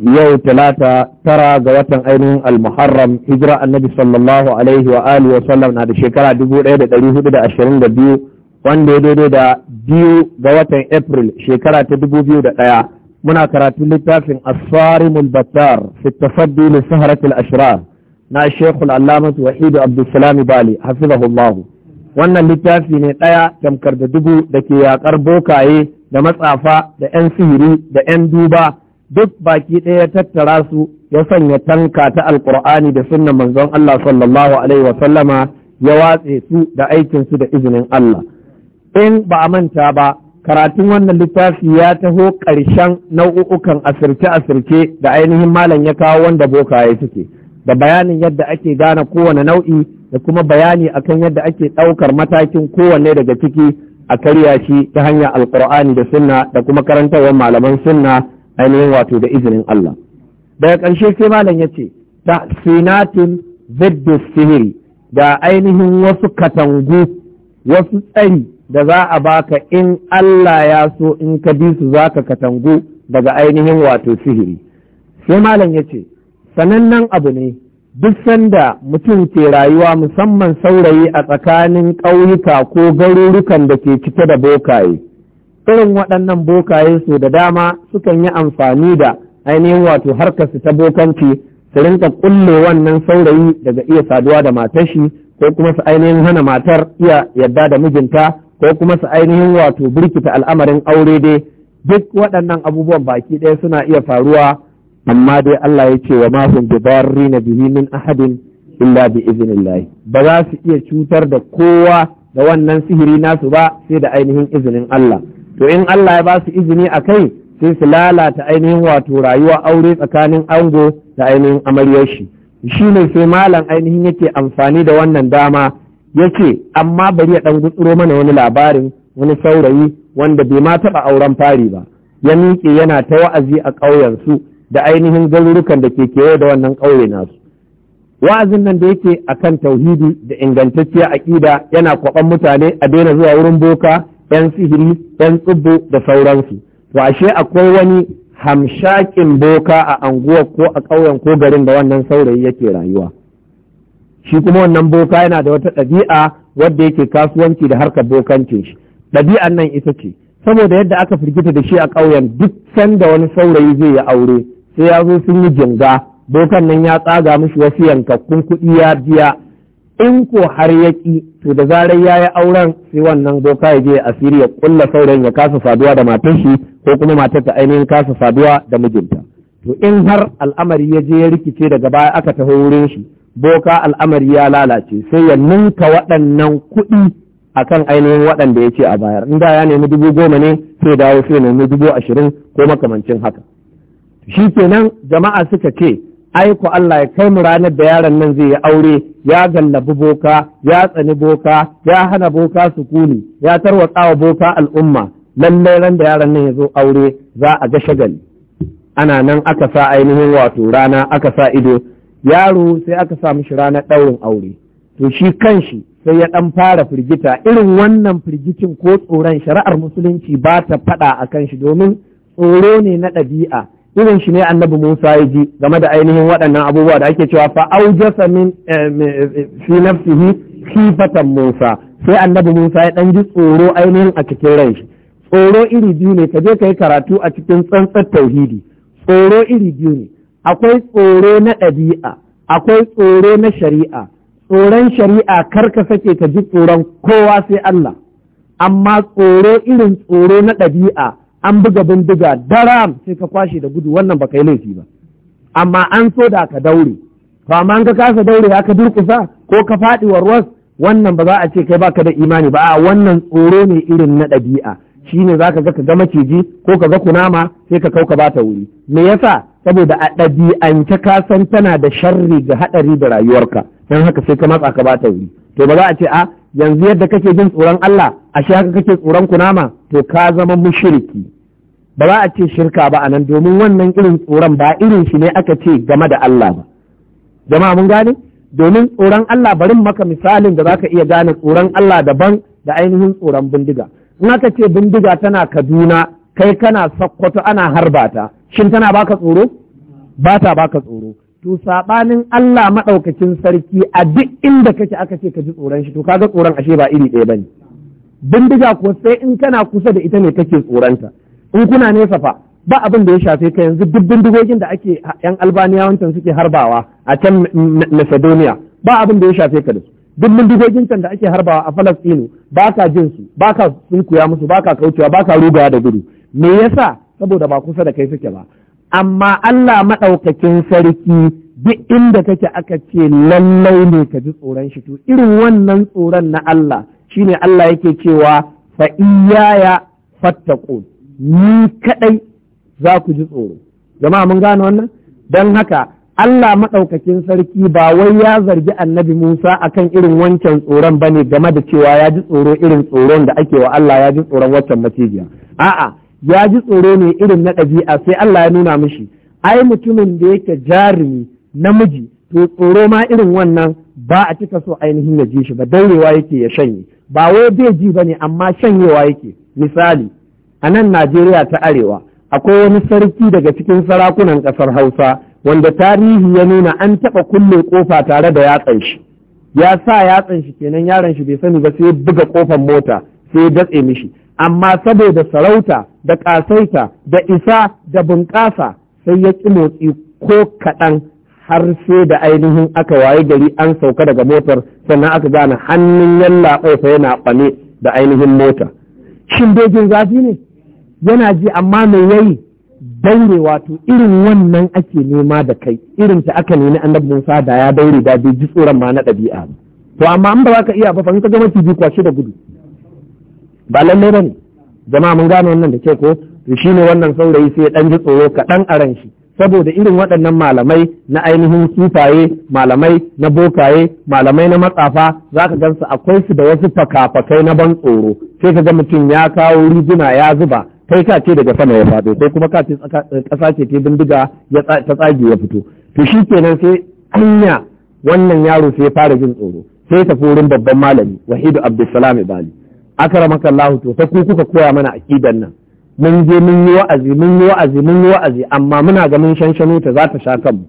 yau talata tara ga watan ainihin al-muharram hijira annabi sallallahu alaihi wa alihi wa sallam na da shekara 1422 wanda ya daidai da biyu ga watan april shekara ta 2001 muna karatu littafin asarimul battar fi tafaddi li saharatul ashrar na shekul allamatu wahidu abdulsalami bali hafizahullahu wannan littafi ne ɗaya tamkar da dubu da ke yakar bokaye da matsafa da 'yan sihiri da 'yan duba duk baki ɗaya tattara su ya sanya tanka ta alkur'ani da sunna manzon Allah sallallahu alaihi wa sallama ya watse su da aikin su da izinin Allah in ba a manta ba karatun wannan littafi ya taho ƙarshen nau'ukan asirce asirce da ainihin malam ya kawo wanda boka ya suke da bayanin yadda ake gane kowane nau'i da kuma bayani akan yadda ake ɗaukar matakin kowanne daga ciki a karya shi ta hanyar alkur'ani da sunna da kuma karantarwar malaman sunna ainihin wato da izinin Allah daga ƙarshe sai malam ya ce ta sinatin biddu sihiri da ainihin wasu katangu wasu tsari da za a baka in Allah ya so in ka bi su za ka katangu daga ainihin wato sihiri sai malam ya ce sanannen abu ne duk sanda mutum ke rayuwa musamman saurayi a tsakanin ƙauyuka ko garurukan da ke cike da bokaye irin waɗannan bokaye su da dama sukan yi amfani da ainihin wato harkar ta bokanci su rinka kulle wannan saurayi daga iya saduwa da matar shi ko kuma su ainihin hana matar iya yadda da mijinta ko kuma su ainihin wato birkita al'amarin aure dai duk waɗannan abubuwan baki ɗaya suna iya faruwa amma dai Allah ya ce wa mahun hum na bihi ahadin illa bi iznillah ba za su iya cutar da kowa da wannan sihiri nasu ba sai da ainihin izinin Allah to in Allah ya ba su izini a kai sai su lalata ainihin wato rayuwa aure tsakanin ango da ainihin amaryar shi shi ne sai malam ainihin yake amfani da wannan dama yake amma bari ya ɗan gutsuro mana wani labarin wani saurayi wanda bai ma taɓa auren fari ba ya miƙe yana ta wa'azi a ƙauyen su da ainihin garurukan da ke kewaye da wannan ƙauye nasu wa'azin nan da yake akan tauhidi da ingantacciya aƙida yana kwaɓan mutane a daina zuwa wurin boka 'yan sihiri 'yan tsibbo da sauransu to ashe akwai wani hamshakin boka a anguwar ko a ƙauyen ko garin da wannan saurayi yake rayuwa shi kuma wannan boka yana da wata ɗabi'a wadda yake kasuwanci da harkar bokancin shi ɗabi'an nan ita ce saboda yadda aka firgita da shi a ƙauyen duk sanda wani saurayi zai yi aure sai ya zo sun yi jinga bokan nan ya tsaga mishi wasu yankakkun kuɗi ya biya in ko har yaƙi, ƙi to da zarar ya yi auren sai wannan doka ya je asiri ya kulla saurayin ya kasa saduwa da matar shi ko kuma matar ta ainihin kasa saduwa da mijinta to in har al'amari ya je ya rikice daga baya aka taho wurin shi boka al'amari ya lalace sai ya ninka waɗannan kuɗi a kan ainihin waɗanda ya ce a bayar in da ya nemi dubu goma ne sai dawo sai nemi dubu ashirin ko makamancin haka shi kenan jama'a suka ce aiko Allah ya kai mu ranar da yaron nan zai yi aure ya gallabi boka ya tsani boka ya hana boka sukuni ya tarwatsa wa boka al'umma lallai ran da yaron nan ya zo aure za a ga shagali ana nan aka sa ainihin wato rana aka sa ido yaro sai aka sa mishi ranar ɗaurin aure to shi kanshi sai ya ɗan fara firgita irin wannan firgicin ko tsoron shari'ar musulunci ba ta faɗa a kan shi domin tsoro ne na ɗabi'a irin shi ne annabi Musa ya ji game da ainihin waɗannan abubuwa da ake cewa fa aujasa min eh, eh, fi nafsihi khifatan Musa sai annabi Musa ya ɗan ji tsoro ainihin a cikin ran shi tsoro iri biyu ne ka je ka yi karatu a cikin tsantsar tauhidi tsoro iri biyu ne akwai tsoro na ɗabi'a akwai tsoro na shari'a tsoron shari'a kar ka sake ka ji tsoron kowa sai Allah amma tsoro irin tsoro na ɗabi'a an buga bindiga dara sai ka kwashe da gudu wannan baka yi laifi ba amma an so da ka daure to amma an ka kasa daure ka durkusa ko ka faɗi warwas wannan ba za a ce kai baka da imani ba a wannan tsoro ne irin na ɗabi'a Shi shine ka ga ka ga maciji ko ka ga kunama sai ka kau ka bata wuri me yasa saboda a ɗabi'ance ka san tana da sharri ga haɗari da rayuwarka don haka sai ka matsa ka bata wuri to ba za a ce a yanzu yadda kake jin tsoron Allah ashe haka kake tsoron kunama to ka zama mushriki ba za a ce shirka ba anan domin wannan irin tsoron ba irin shi ne aka ce game da Allah ba jama'a mun gane domin tsoron Allah barin maka misalin da zaka iya gane tsoron Allah daban da ainihin tsoron bindiga in aka ce bindiga tana Kaduna kai kana Sokoto ana harbata shin tana baka tsoro ba ta baka tsoro to saɓanin Allah maɗaukacin sarki a duk inda kake aka ce ka ji tsoron shi to ga tsoron ashe ba iri ɗaya bane bindiga ko sai in kana kusa da ita ne kake tsoronta in kuna nesa fa ba abin da ya shafe ka yanzu duk bindigogin da ake yan albaniya wancan suke harbawa a can macedonia ba abin da ya shafe ka da su duk bindigogin can da ake harbawa a falastinu ba ka jin su ba ka sunkuya musu ba ka kaucewa ba ka rugawa da gudu me yasa saboda ba kusa da kai suke ba amma Allah maɗaukakin sarki duk inda kake aka ce lallai ne ka ji tsoron shi to irin wannan tsoron na Allah shine Allah yake cewa fa iyaya ni kaɗai za ku ji tsoro jama'a mun gane wannan Don haka Allah maɗaukakin sarki ba wai ya zargi annabi Musa akan irin wancan tsoron ba ne game da cewa ya ji tsoro irin tsoron da ake wa Allah ya ji tsoron waccan macijiya. A'a, ya ji tsoro ne irin na ɗabi'a sai Allah ya nuna mishi ai mutumin da yake jarumi namiji to tsoro ma irin wannan ba a cika so ainihin ya ji shi ba daurewa yake ya shanye ba wai bai ji ba ne amma shanyewa yake misali a nan Najeriya ta arewa akwai wani sarki daga cikin sarakunan ƙasar Hausa wanda tarihi ya nuna an taɓa kulle ƙofa tare da yatsan shi ya sa yatsan shi kenan yaron shi bai sani ba sai ya buga ƙofar mota sai ya datse mishi amma saboda sarauta da ƙasaita da isa da bunƙasa sai ya ƙi motsi ko kaɗan har sai da ainihin aka waye gari an sauka daga motar sannan aka gane hannun yalla ƙofa yana ƙwane da ainihin mota shin dogin zafi ne yana ji amma mai yayi daure wato irin wannan ake nema da kai irin ta aka nemi annabi Musa da ya daure da ji tsoron ma na ɗabi'a to amma an ba za ka iya ba fa ka ga maciji kwashi da gudu ba lallai ba ne jama'a mun gane wannan da ke ko to shi ne wannan saurayi sai dan ji tsoro kaɗan a ran shi saboda irin waɗannan malamai na ainihin sufaye malamai na bokaye malamai na matsafa za ka gansu akwai su da wasu fakafakai na ban tsoro sai ka ga mutum ya kawo riguna ya zuba kai ka ce daga sama ya faɗo sai kuma ka ce ƙasa ce ta bindiga ta tsage ya fito to shi kenan sai anya wannan yaro sai ya fara jin tsoro sai tafi wurin babban malami wahidu abdulsalam ibali akramaka Allah to ta ku kuka koya mana akidan nan mun je mun yi wa'azi mun yi wa'azi mun yi wa'azi amma muna ga mun shanshano ta za ta sha kanmu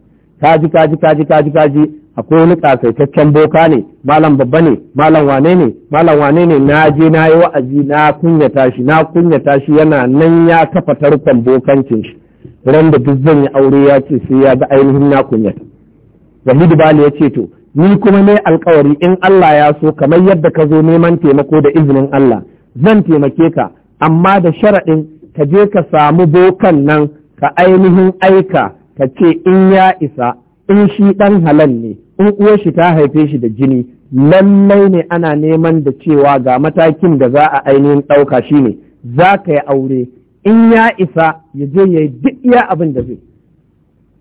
ji, ka ji, kaji ji akwai wani kasaitaccen boka ne malam babba ne malam wane ne malam wane ne na je na yi wa'azi na kunya tashi, na kunya tashi, yana nan ya kafa tarkon bokancin shi ran da duk zan yi aure ya ce sai ya ga ainihin na kunyata wahidu bali ya ce to ni kuma ne alkawari in Allah ya so kamar yadda ka zo neman taimako da izinin Allah zan taimake ka amma da sharaɗin ka je ka samu bokan nan ka ainihin aika ka ce in ya isa in shi ɗan halal ne in uwar shi ta haife shi da jini lallai ne ana neman da cewa ga matakin da za a ainihin ɗauka shi ne, za ka yi aure in ya isa ya je ya yi duk iya abin da zai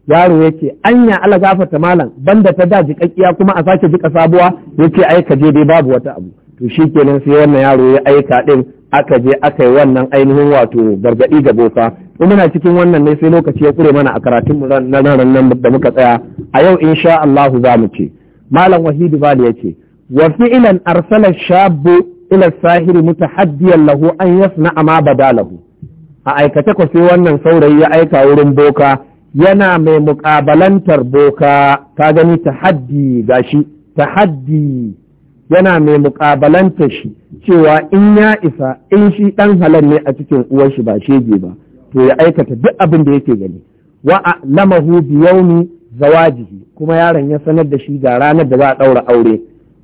yaro yake anya Allah gafarta malam banda ta da jikakkiya kuma a sake jika sabuwa yace ai ka je dai babu wata abu to shikenan sai wannan yaro ya aika din aka je aka yi wannan ainihin wato gargadi ga boka in muna cikin wannan ne sai lokaci ya kure mana a karatun na ran nan da muka tsaya a yau insha Allah za mu ce malam wahidu bali yace wa fi'lan arsala shabbu ila sahiri mutahaddiyan lahu an yasna ma badalahu a aikace ko sai wannan saurayi ya aika wurin boka yana mai muƙabalantar boka ka gani ta shi gashi haddi. yana mai muƙabalantar shi cewa in ya isa in shi ɗan halar ne a cikin uwar shi ba shege ba to ya aikata duk abin da yake gani Wa'a wa a'lamahu ne zawa zawajihi kuma yaron ya sanar da shi ga ranar da za a ɗaura aure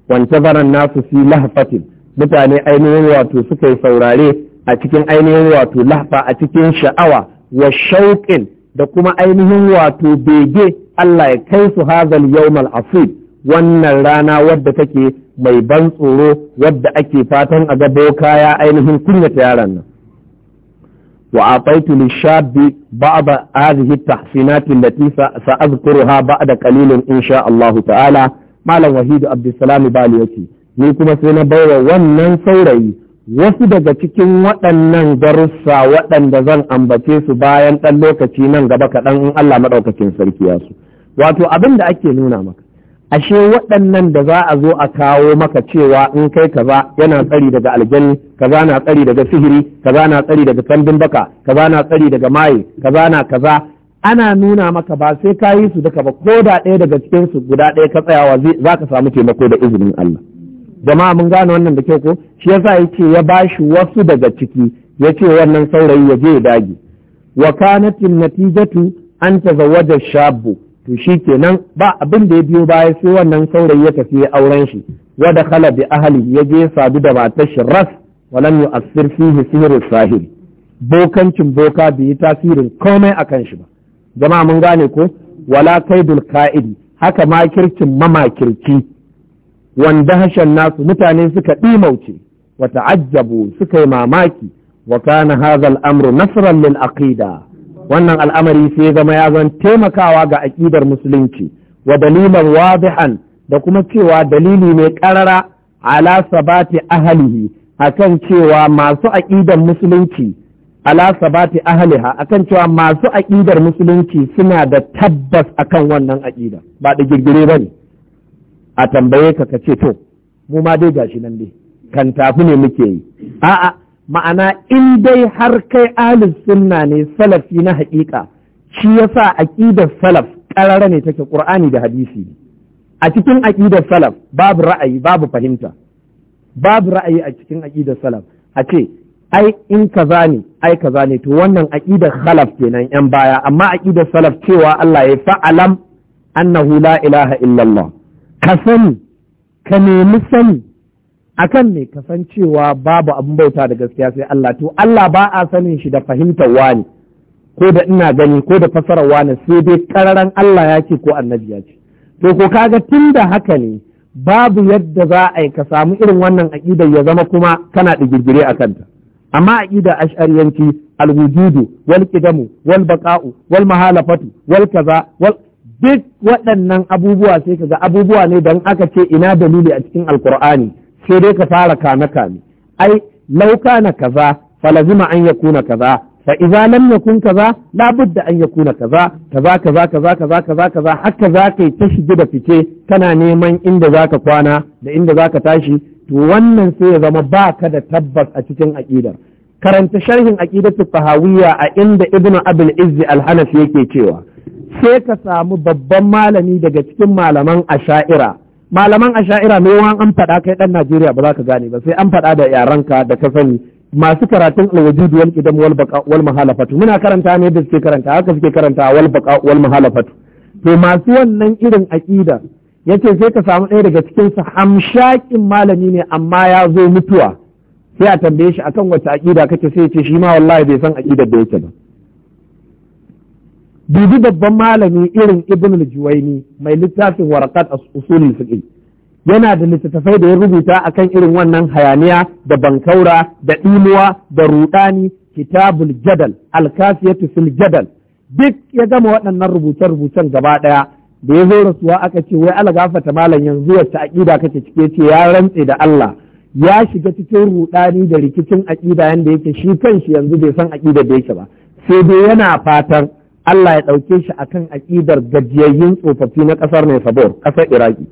wanta zaran nasu fi lahfatin mutane ainihin wato suka yi saurare a cikin ainihin wato lahfa a cikin sha'awa wa shauƙin da kuma ainihin wato bege Allah ya kai su hazal yawmal asib wannan rana wadda take mai ban tsoro wadda ake fatan a gabo kaya ainihin kunyata yaran nan wa ataitu lishabi ba'd hadhihi tahsinat allati sa'adhkuruha ba'da qalilin insha Allah ta'ala malam wahidu abdussalam bali yake ni kuma sai na baiwa wannan saurayi wasu daga cikin waɗannan darussa waɗanda zan ambace su bayan ɗan lokaci nan gaba kaɗan in Allah maɗaukakin sarki ya su wato abin da ake nuna maka ashe waɗannan da za a zo a kawo maka cewa in kai kaza yana tsari daga aljani kaza na tsari daga sihiri kaza na tsari daga kandin baka kaza na tsari daga maye kaza na kaza ana nuna maka ba sai ka yi su duka ba ko da ɗaya daga cikin guda ɗaya ka tsayawa za ka samu taimako da izinin Allah jama'a mun gane wannan da kyau ko shi yasa yace ya bashi wasu daga ciki yace wannan saurayi ya je ya dage wa kanat natijatu an tazawwaja shabu to kenan ba abin da ya biyo baya sai wannan saurayi ya tafi auren shi wa dakhala bi ahli ya je sadu da matar shi ras walam yu'assir fihi sihru sahiri bokancin boka bai yi tasirin komai a kan shi ba jama'a mun gane ko wala kaidul ka'idi haka makircin mamakirci wanda hashen nasu mutane suka ɗimauce wata ajabu, suka yi mamaki wa kana haza al’amru amru lil aqida wannan al'amari sai zama ya zan taimakawa ga aƙidar musulunci wa dalilan wadihan da kuma cewa dalili ne ƙarara ala sabati a akan cewa masu aƙidar musulunci ala sabati ahliha akan cewa masu aƙidar musulunci suna da tabbas akan wannan aƙida. ba da girgire ba ne. a tambaye ka ka ce to mu ma dai gashi nan dai kan tafi ne muke yi a'a ma'ana in dai har kai ahlus sunna ne salafi na haƙiƙa shi yasa aqidar salaf ƙarara ne take qur'ani da hadisi a cikin aqidar salaf babu ra'ayi babu fahimta babu ra'ayi a cikin aqidar salaf a ce ai in kaza ne ai kaza ne to wannan aqidar salaf kenan yan baya amma aqidar salaf cewa Allah ya fa'alam annahu la ilaha illallah ka sani ka nemi sani a kan ne ka san cewa babu abin bauta da gaskiya sai Allah to Allah ba a sanin shi da fahimtar wani ko da ina gani ko da fasarar wani sai dai kararan Allah ya ce ko annabi ya ce to ko kaga tunda haka ne babu yadda za a yi ka samu irin wannan aƙidar ya zama kuma kana digirgire a kanta amma aƙidar ash'ariyanci alwujudu wal qidamu wal baqa'u wal mahalafatu wal kaza wal duk waɗannan abubuwa sai ka ga abubuwa ne don aka ce ina dalili a cikin alkur'ani sai dai ka fara kame kame ai lauka na kaza falazima an ya kuna kaza fa iza lam yakun kaza labudda an yakuna kaza kaza kaza kaza kaza kaza kaza haka za ka yi ta shige da fice kana neman inda za ka kwana da inda za ka tashi to wannan sai ya zama ba ka da tabbas a cikin aƙidar karanta sharhin aqidatu fahawiyya a inda ibnu abul izzi al-hanafi yake cewa sai ka samu babban malami daga cikin malaman asha'ira malaman asha'ira ne wani an faɗa kai ɗan Najeriya ba za ka gane ba sai an faɗa da yarenka da ka sani masu karatun alwajud wal qidam wal wal mahalafatu muna karanta ne da suke karanta haka suke karanta wal baqa wal mahalafatu to masu wannan irin aqida yace sai ka samu ɗaya daga cikin su hamshakin malami ne amma ya zo mutuwa sai a tambaye shi akan wace aqida kake sai ya ce shi ma wallahi bai san aqidar da yake ba dubi babban malami irin ibn al-juwaini mai littafin warakat al fiqh yana da littattafai da ya rubuta akan irin wannan hayaniya da bankaura da ɗimuwa da rudani kitabul jadal al-kafiyatu fil jadal duk ya gama waɗannan rubuce-rubucen gaba ɗaya da ya zo rasuwa aka ce wai algafata malam yanzu wacce aƙida kake cike ce ya rantse da Allah ya shiga cikin rudani da rikicin aƙida yanda yake shi kanshi yanzu bai san aƙida da yake ba sai dai yana fatan Allah ya ɗauke shi a kan aƙidar gajiyayyun tsofaffi na ƙasar mai ƙasar Iraki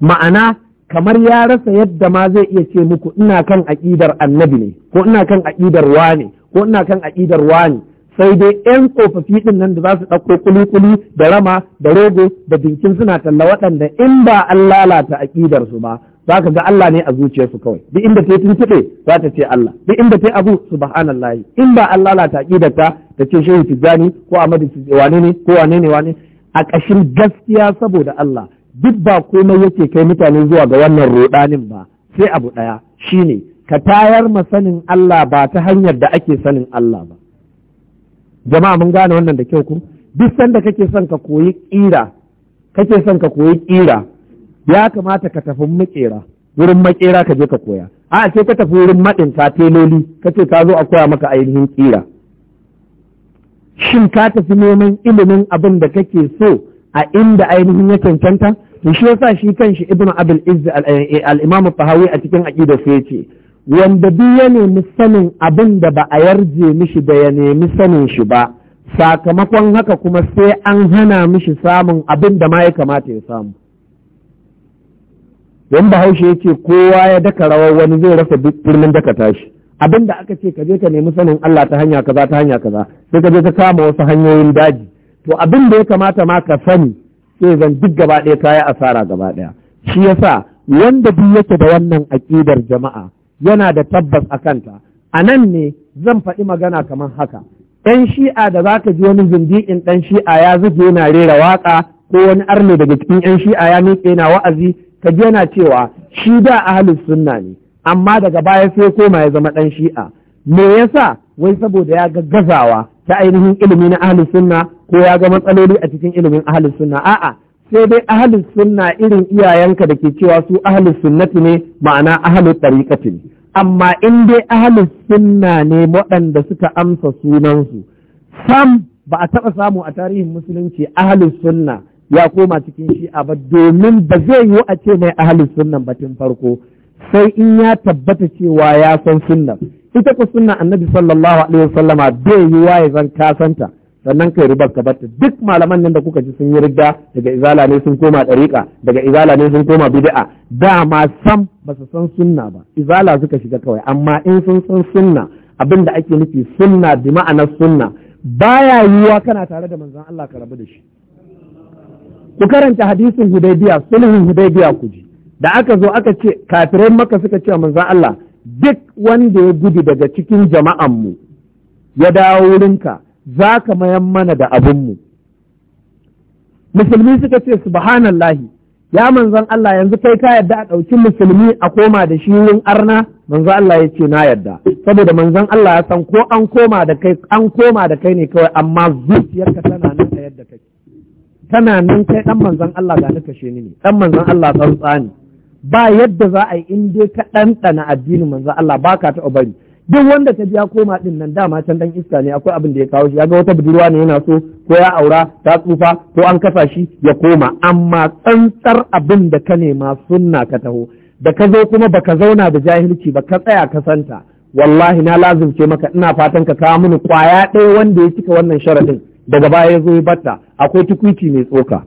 ma'ana kamar ya rasa yadda ma zai iya ce muku ina kan aƙidar annabi ne ko ina kan aƙidar wani ko ina kan aƙidar wani sai dai yan tsofaffi ɗin nan da za su ɗauko kuli-kuli da rama da rogo da binkin suna talla waɗanda in ba an lalata aƙidarsu ba za ka ga Allah ne a zuciyarsu kawai duk inda ta yi tuntuɓe za ta ce Allah duk inda ta yi abu subhanallahi in ba Allah la ta da ta ta ce shehu tijjani ko Amadu, wane ne ko wane ne wane a ƙashin gaskiya saboda Allah duk ba komai yake kai mutane zuwa ga wannan ruɗanin ba sai abu ɗaya shine ka tayar ma sanin Allah ba ta hanyar da ake sanin Allah ba jama'a mun gane wannan da kyau ku duk sanda kake son ka koyi ƙira kake son ka koyi ƙira ya kamata ka tafi makera wurin makera ka je ka koya a ce ka tafi wurin maɗin ka teloli ka ce ka zo a koya maka ainihin ƙira. shin ka tafi neman ilimin abin da kake so a inda ainihin ya cancanta to shi yasa shi kanshi ibnu abul izz eh, eh, al-imam fahawi a cikin aqida sai yace wanda duk ya nemi sanin abin da ba a yarje mishi da ya nemi sanin shi ba sakamakon haka kuma sai an hana mishi samun abin da ma ya kamata ya samu don bahaushe ce kowa ya daka rawar wani zai rasa birnin daka tashi abin da aka ce ka je ka nemi sanin Allah ta hanya kaza ta hanya kaza sai ka je ka kama wasu hanyoyin daji to abin da ya kamata ma ka sani sai zan duk gaba ɗaya ka asara gaba ɗaya shi yasa wanda duk yake da wannan aƙidar jama'a yana da tabbas a kanta a nan ne zan faɗi magana kamar haka ɗan shi'a da za ka ji wani zindiƙin ɗan shi'a ya zube yana rera waƙa ko wani arne daga cikin 'yan shi'a ya miƙe na wa'azi ka ji yana cewa shi da ahlus sunna ne amma daga baya sai koma ya zama ɗan shi'a me yasa wai saboda ya ga gazawa ta ainihin ilimi na ahlus sunna ko ya ga matsaloli a cikin ilimin ahlus sunna a'a sai dai ahlus sunna irin iyayenka da ke cewa su ahlus sunnati ne ma'ana ahlus tariqati ne amma in dai ahlus sunna ne waɗanda suka amsa sunansu sam ba a taɓa samu a tarihin musulunci ahlus sunna ya koma cikin shi'a ba domin ba zai yi a ce mai ahalin sunnan batun farko sai in ya tabbata cewa ya san sunnan ita ku sunnan annabi sallallahu alaihi wasallama bai yi ya zan kasanta sannan kai ribar ka bata duk malaman nan da kuka ji sun yi rigga daga izala ne sun koma ɗariƙa daga izala ne sun koma bid'a ma san ba su san sunna ba izala suka shiga kawai amma in sun san sunna abin da ake nufi sunna bi ma'anar sunna baya yiwuwa kana tare da manzon Allah ka rabu da shi ku karanta hadisin hudaybiya sulhun hudaybiya ku ji da aka zo aka ce kafirai maka suka ce Manzan Allah duk wanda ya gudu daga cikin jama'an mu ya dawo wurinka za ka mayan mana da abinmu musulmi suka ce subhanallahi ya manzon Allah yanzu kai ka yadda a ɗauki musulmi a koma da shi yin arna manzon Allah ya ce na yadda saboda manzon Allah ya san ko an koma da kai an koma da kai ne kawai amma zuciyarka tana nan tana nan kai ɗan manzon Allah ga na kashe ni ne ɗan manzon Allah tsantsa ne ba yadda za a yi in dai ka ɗanɗana addinin manzon Allah ba ka taɓa bari duk wanda ka biya koma din nan dama can dan iska ne akwai abin da ya kawo shi ya ga wata budurwa ne yana so ko ya aura ta tsufa ko an kasa shi ya koma amma tsantsar abin da ka nema sunna ka taho da ka zo kuma baka zauna da jahilci ba ka tsaya ka santa wallahi na lazumce maka ina fatan ka kawo mini kwaya ɗaya wanda ya cika wannan sharadin daga baya ya zo ya bata. akwai tukuici mai tsoka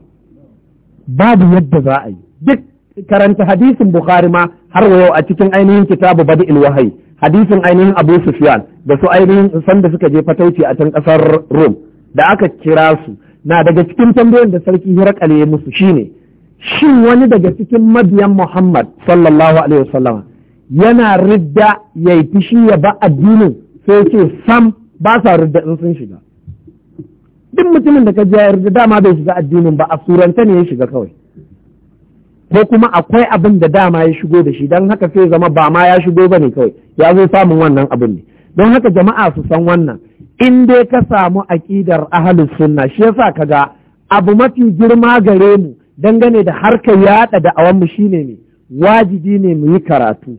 babu yadda za a yi duk karanta hadisin bukhari ma har wa yau a cikin ainihin kitabu badi ilwahai hadisin ainihin abu sufyan da su ainihin sanda suka je fatauci a can ƙasar rom da aka kira su na daga cikin tambayoyin da sarki hirakale ya musu shine shin wani daga cikin mabiyan muhammad sallallahu alaihi wasallama yana ridda ya yi fishi ya ba addinin sai ce sam ba sa ridda in sun shiga duk mutumin da ka ji da dama bai shiga addinin ba a turanta ne ya shiga kawai ko kuma akwai abin da dama ya shigo da shi don haka sai zama ba ma ya shigo ba ne kawai ya zo samun wannan abin ne don haka jama'a su san wannan in dai ka samu aƙidar ahalus sunna shi yasa ka ga. abu mafi girma gare mu dangane da harkar yaɗa da awan mu shine ne wajibi ne mu yi karatu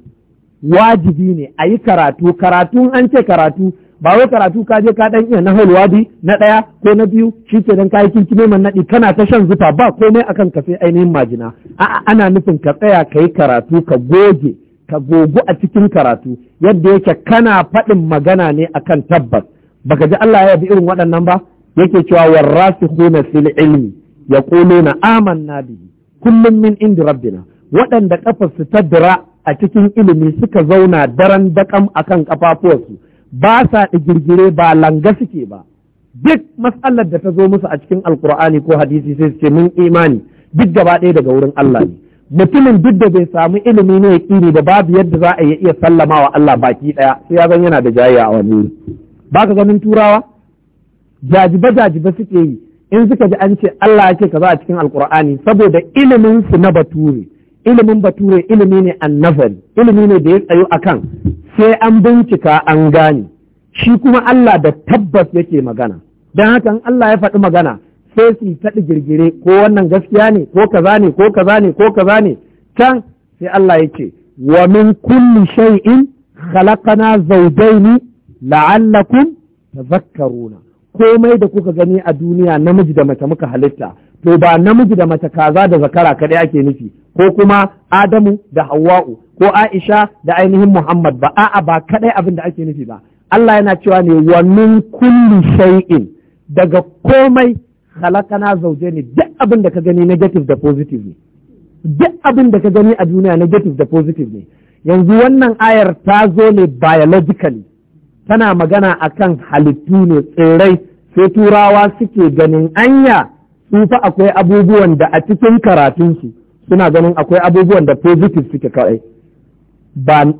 wajibi ne a yi karatu karatu an ce karatu ba wai karatu ka je ka dan iya na halwadi na ɗaya ko na biyu shi ke ka yi kinkime neman naɗi kana ta shan zufa ba komai akan ka sai ainihin majina a'a ana nufin ka tsaya ka yi karatu ka goge ka gogu a cikin karatu yadda yake kana faɗin magana ne akan tabbas baka ji Allah ya bi irin waɗannan ba yake cewa warrasikhuna fil ilmi yaquluna amanna bihi kullum min ind rabbina waɗanda kafarsu ta dira a cikin ilimi suka zauna daren daƙam akan kafafuwarsu ba sa digirgire ba langa suke ba duk matsalar da ta zo musu a cikin alkur'ani ko hadisi sai suke ce mun imani duk gaba ɗaya daga wurin Allah ne mutumin duk da bai samu ilimi ne yaƙini ba babu yadda za a iya sallama wa Allah baki ɗaya sai ya zan yana da jayayya a wani wuri ba ka ganin turawa jajiba jajiba suke yi in suka ji an ce Allah ya ce kaza a cikin alkur'ani saboda ilimin su na bature ilimin bature ilimi ne annazari ilimi ne da ya tsayo akan sai an bincika an gane shi kuma Allah da tabbas yake magana don haka Allah ya faɗi magana sai su yi taɗi girgire ko wannan gaskiya ne ko kaza ne ko kaza ne ko kaza ne can sai Allah ya ce wa min kulli shay'in la'allakun zawjayn la'allakum tadhakkaruna komai da kuka gani a duniya namiji da mace muka halitta to ba namiji da mace kaza da zakara kadai ake nufi ko kuma Adamu da Hawwa'u ko Aisha da ainihin Muhammad ba a'a ba kadai abin da ake nufi ba Allah yana cewa ne wannan kulli shay'in daga komai halakana zauje ne duk abin da ka gani negative da positive ne duk abin da ka gani a duniya negative da positive ne yanzu wannan ayar ta zo ne biologically tana magana akan halittu ne tsirrai sai turawa suke ganin anya su akwai abubuwan da a cikin karatunsu suna ganin akwai abubuwan da positive suke kaɗai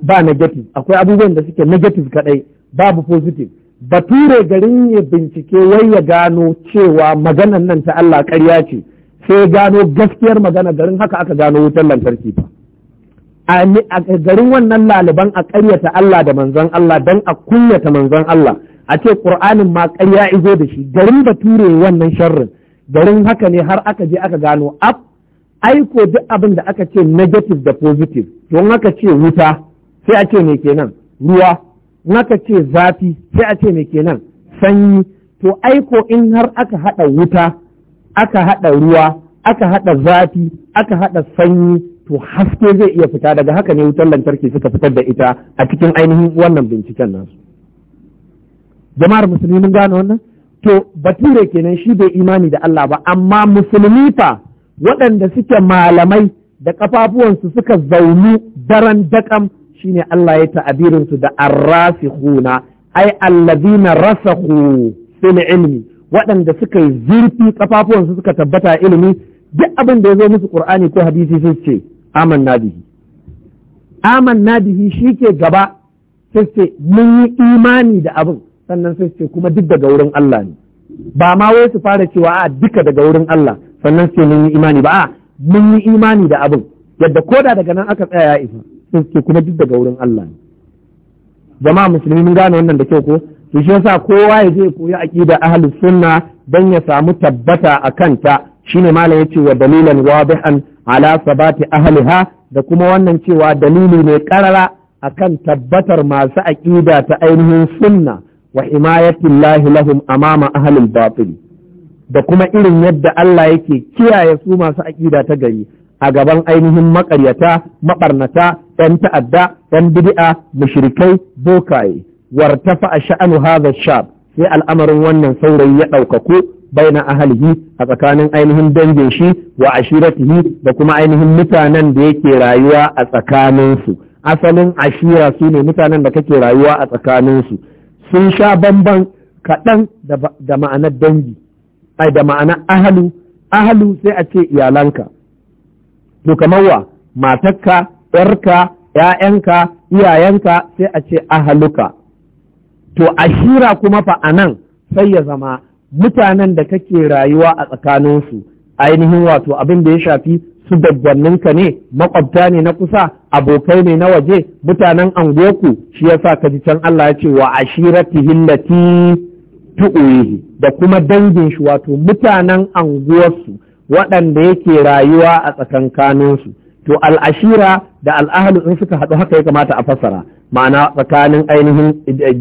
ba negative akwai abubuwan da suke negative kaɗai babu positive bature garin ya bincike wai ya gano cewa maganan nan ta Allah ƙarya ce sai gano gaskiyar magana garin haka aka gano wutar lantarki ba a garin wannan laliban a ƙaryata Allah da manzon Allah don a kunyata manzon Allah a ce ƙur'anin ma ƙarya izo da shi garin bature wannan sharrin garin haka ne har aka je aka gano up aiko duk abin da aka ce negative da positive don haka ce wuta sai a ce me kenan ruwa in ce zafi sai a ce me kenan sanyi to aiko in har aka haɗa wuta aka haɗa ruwa aka haɗa zafi aka haɗa sanyi to haske zai iya fita daga haka ne wutar lantarki suka fitar da ita a cikin ainihin wannan binciken nasu jama'ar musulmi mun gane wannan to bature kenan shi bai imani da Allah ba amma musulmi fa waɗanda suke malamai da ƙafafuwansu suka zaunu daren daƙam shine Allah ya ta'abirin da arrasikhuna ai allazina rasakhu fil ilmi waɗanda suka yi zurfi ƙafafuwansu suka tabbata ilimi duk abin da ya zo musu qur'ani ko hadisi sun ce amanna bihi amanna bihi shike gaba sai ce mun yi imani da abin sannan sai ce kuma duk daga wurin Allah ne ba ma wai su fara cewa a duka daga wurin Allah sannan sai mun yi imani ba a mun yi imani da abin yadda koda daga nan aka tsaya ya isa sai ce kuma duk daga wurin Allah ne jama'a musulmi mun gane wannan da kyau ko to shi yasa kowa ya je koyi aqida ahli sunna don ya samu tabbata a kanta shine malam yace wa dalilan wadihan ala sabati ha, da kuma wannan cewa dalili ne karara akan tabbatar masu aqida ta ainihin sunna wa himayatillahi lahum amama ahlil batil da kuma irin yadda Allah yake kiyaye su masu aƙida ta gari a gaban ainihin maƙaryata, maɓarnata, ‘yan ta'adda, ‘yan bid'a, mushrikai, bokaye, wartafa a sha'anu haza shab sai al'amarin wannan saurayi ya ɗaukaku baina ahalihi a tsakanin ainihin dangin shi wa ashiratihi da kuma ainihin mutanen da yake rayuwa a tsakaninsu. Asalin ashira su ne mutanen da kake rayuwa a tsakaninsu. sun sha bamban kaɗan da ma'anar dangi ai da ma'anar ahalu ahalu sai a ce iyalanka to kamar wa matarka yarka ‘ya'yanka iyayenka sai a ce ahaluka to a ashira kuma fa a nan sai ya zama mutanen da kake rayuwa a tsakaninsu ainihin wato abin da ya shafi su ka ne makwabta ne na kusa abokai ne na waje mutanen angoku shi yasa ka ji can Allah ya ce wa ashirati hillati tu'uhi da kuma dangin shi wato mutanen anguwarsu waɗanda yake rayuwa a tsakankaninsu to al'ashira da al'ahalu in suka haɗu haka ya kamata a fassara ma'ana tsakanin ainihin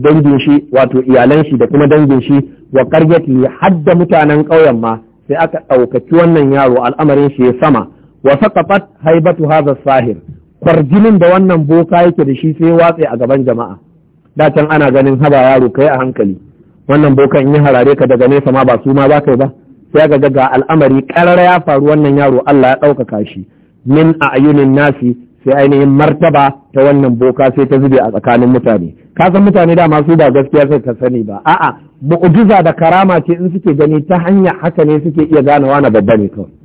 dangin shi wato iyalan shi da kuma dangin shi wa yaki hadda mutanen ƙauyen ma sai aka ɗaukaki wannan yaro al'amarin shi ya sama wa saqafat haibatu hadha sahir kwarjinin da wannan boka yake da shi sai watse a gaban jama'a da can ana ganin haba yaro kai a hankali wannan bokan in ya harare ka daga nesa ma ba su ma za kai ba sai ga ga al'amari karara ya faru wannan yaro Allah ya ɗaukaka shi min a ayunin nasi sai ainihin martaba ta wannan boka sai ta zube a tsakanin mutane ka san mutane da masu ba gaskiya sai ka sani ba a'a mu'jiza da karama ce in suke gani ta hanya haka ne suke iya ganawa na babba ne kawai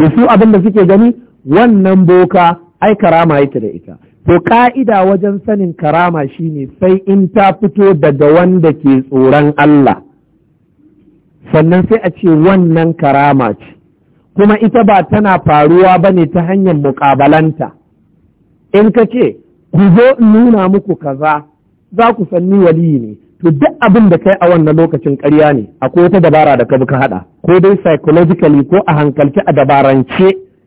to su abin da suke gani wannan boka ai karama yake da ita to ka'ida wajen sanin karama shine sai in ta fito daga wanda ke tsoron Allah sannan sai a ce wannan karama ce kuma ita ba tana faruwa ba ne ta hanyar muƙabalanta in ka ce ku zo in nuna muku kaza za ku san ni waliyi ne to duk abin da kai a wannan lokacin ƙarya ne akwai wata dabara da ka bi ka haɗa ko dai psychologically ko a hankalce a dabarance